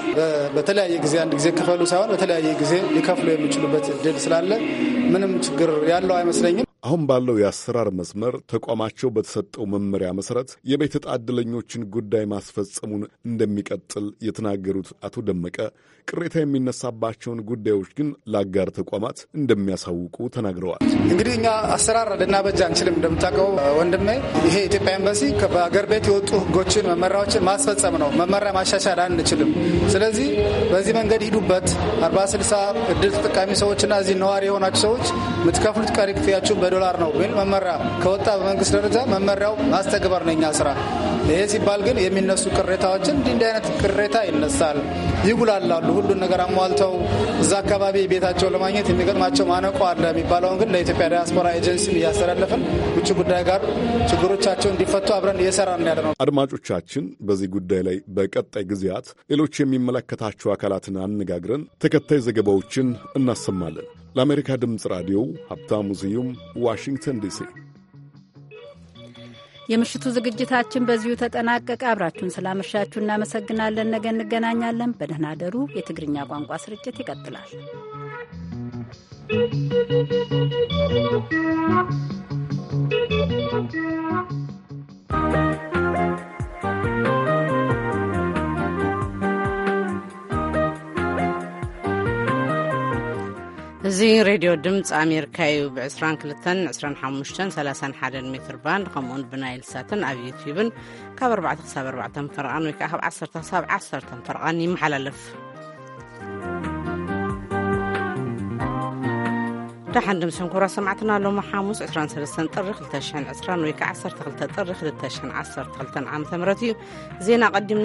በተለያየ ጊዜ አንድ ጊዜ ክፈሉ ሳይሆን በተለያየ ጊዜ ሊከፍሉ የሚችሉበት እድል ስላለ ምንም ችግር ያለው አይመስለኝም። አሁን ባለው የአሰራር መስመር ተቋማቸው በተሰጠው መመሪያ መሰረት የቤት ዕጣ ዕድለኞችን ጉዳይ ማስፈጸሙን እንደሚቀጥል የተናገሩት አቶ ደመቀ ቅሬታ የሚነሳባቸውን ጉዳዮች ግን ለአጋር ተቋማት እንደሚያሳውቁ ተናግረዋል። እንግዲህ እኛ አሰራር ልናበጃ አንችልም። እንደምታውቀው ወንድሜ፣ ይሄ ኢትዮጵያ ኤምባሲ በአገር ቤት የወጡ ህጎችን መመሪያዎችን ማስፈጸም ነው። መመሪያ ማሻሻል አንችልም። ስለዚህ በዚህ መንገድ ሂዱበት፣ አርባ ስልሳ እድል ተጠቃሚ ሰዎችና እዚህ ነዋሪ የሆናችሁ ሰዎች የምትከፍሉት ቀሪ ክፍያችሁን ዶላር ነው ግን መመሪያ ከወጣ በመንግስት ደረጃ መመሪያው ማስተግበር ነው የኛ ስራ። ይሄ ሲባል ግን የሚነሱ ቅሬታዎችን እንዲህ እንዲህ አይነት ቅሬታ ይነሳል፣ ይጉላላሉ። ሁሉን ነገር አሟልተው እዛ አካባቢ ቤታቸውን ለማግኘት የሚገጥማቸው ማነቆ አለ የሚባለውን ግን ለኢትዮጵያ ዲያስፖራ ኤጀንሲ እያስተላለፍን ውጭ ጉዳይ ጋር ችግሮቻቸው እንዲፈቱ አብረን እየሰራ ያለ ነው። አድማጮቻችን በዚህ ጉዳይ ላይ በቀጣይ ጊዜያት ሌሎች የሚመለከታቸው አካላትን አነጋግረን ተከታይ ዘገባዎችን እናሰማለን። ለአሜሪካ ድምፅ ራዲዮ ሀብታሙ ስዩም ዋሽንግተን ዲሲ። የምሽቱ ዝግጅታችን በዚሁ ተጠናቀቀ። አብራችሁን ስላመሻችሁ እናመሰግናለን። ነገ እንገናኛለን። በደህና ደሩ የትግርኛ ቋንቋ ስርጭት ይቀጥላል። እዚ ሬድዮ ድምፂ ኣሜሪካ እዩ ብ22 25 31 ሜትር ባንድ ከምኡውን ብናይልሳትን ኣብ ዩትብን ካብ 4 ክሳብ 4 ፈርቓን ወይ ከዓ ካብ 1 ሳብ 1 ፈርቓን ይመሓላለፍ ድሓን ድምስን ኩራ ሰማዕትና ሎሚ ሓሙስ 23 ጥሪ 220 ወይ ከዓ 12 ጥሪ 212 ዓ ም እዩ ዜና ቀዲም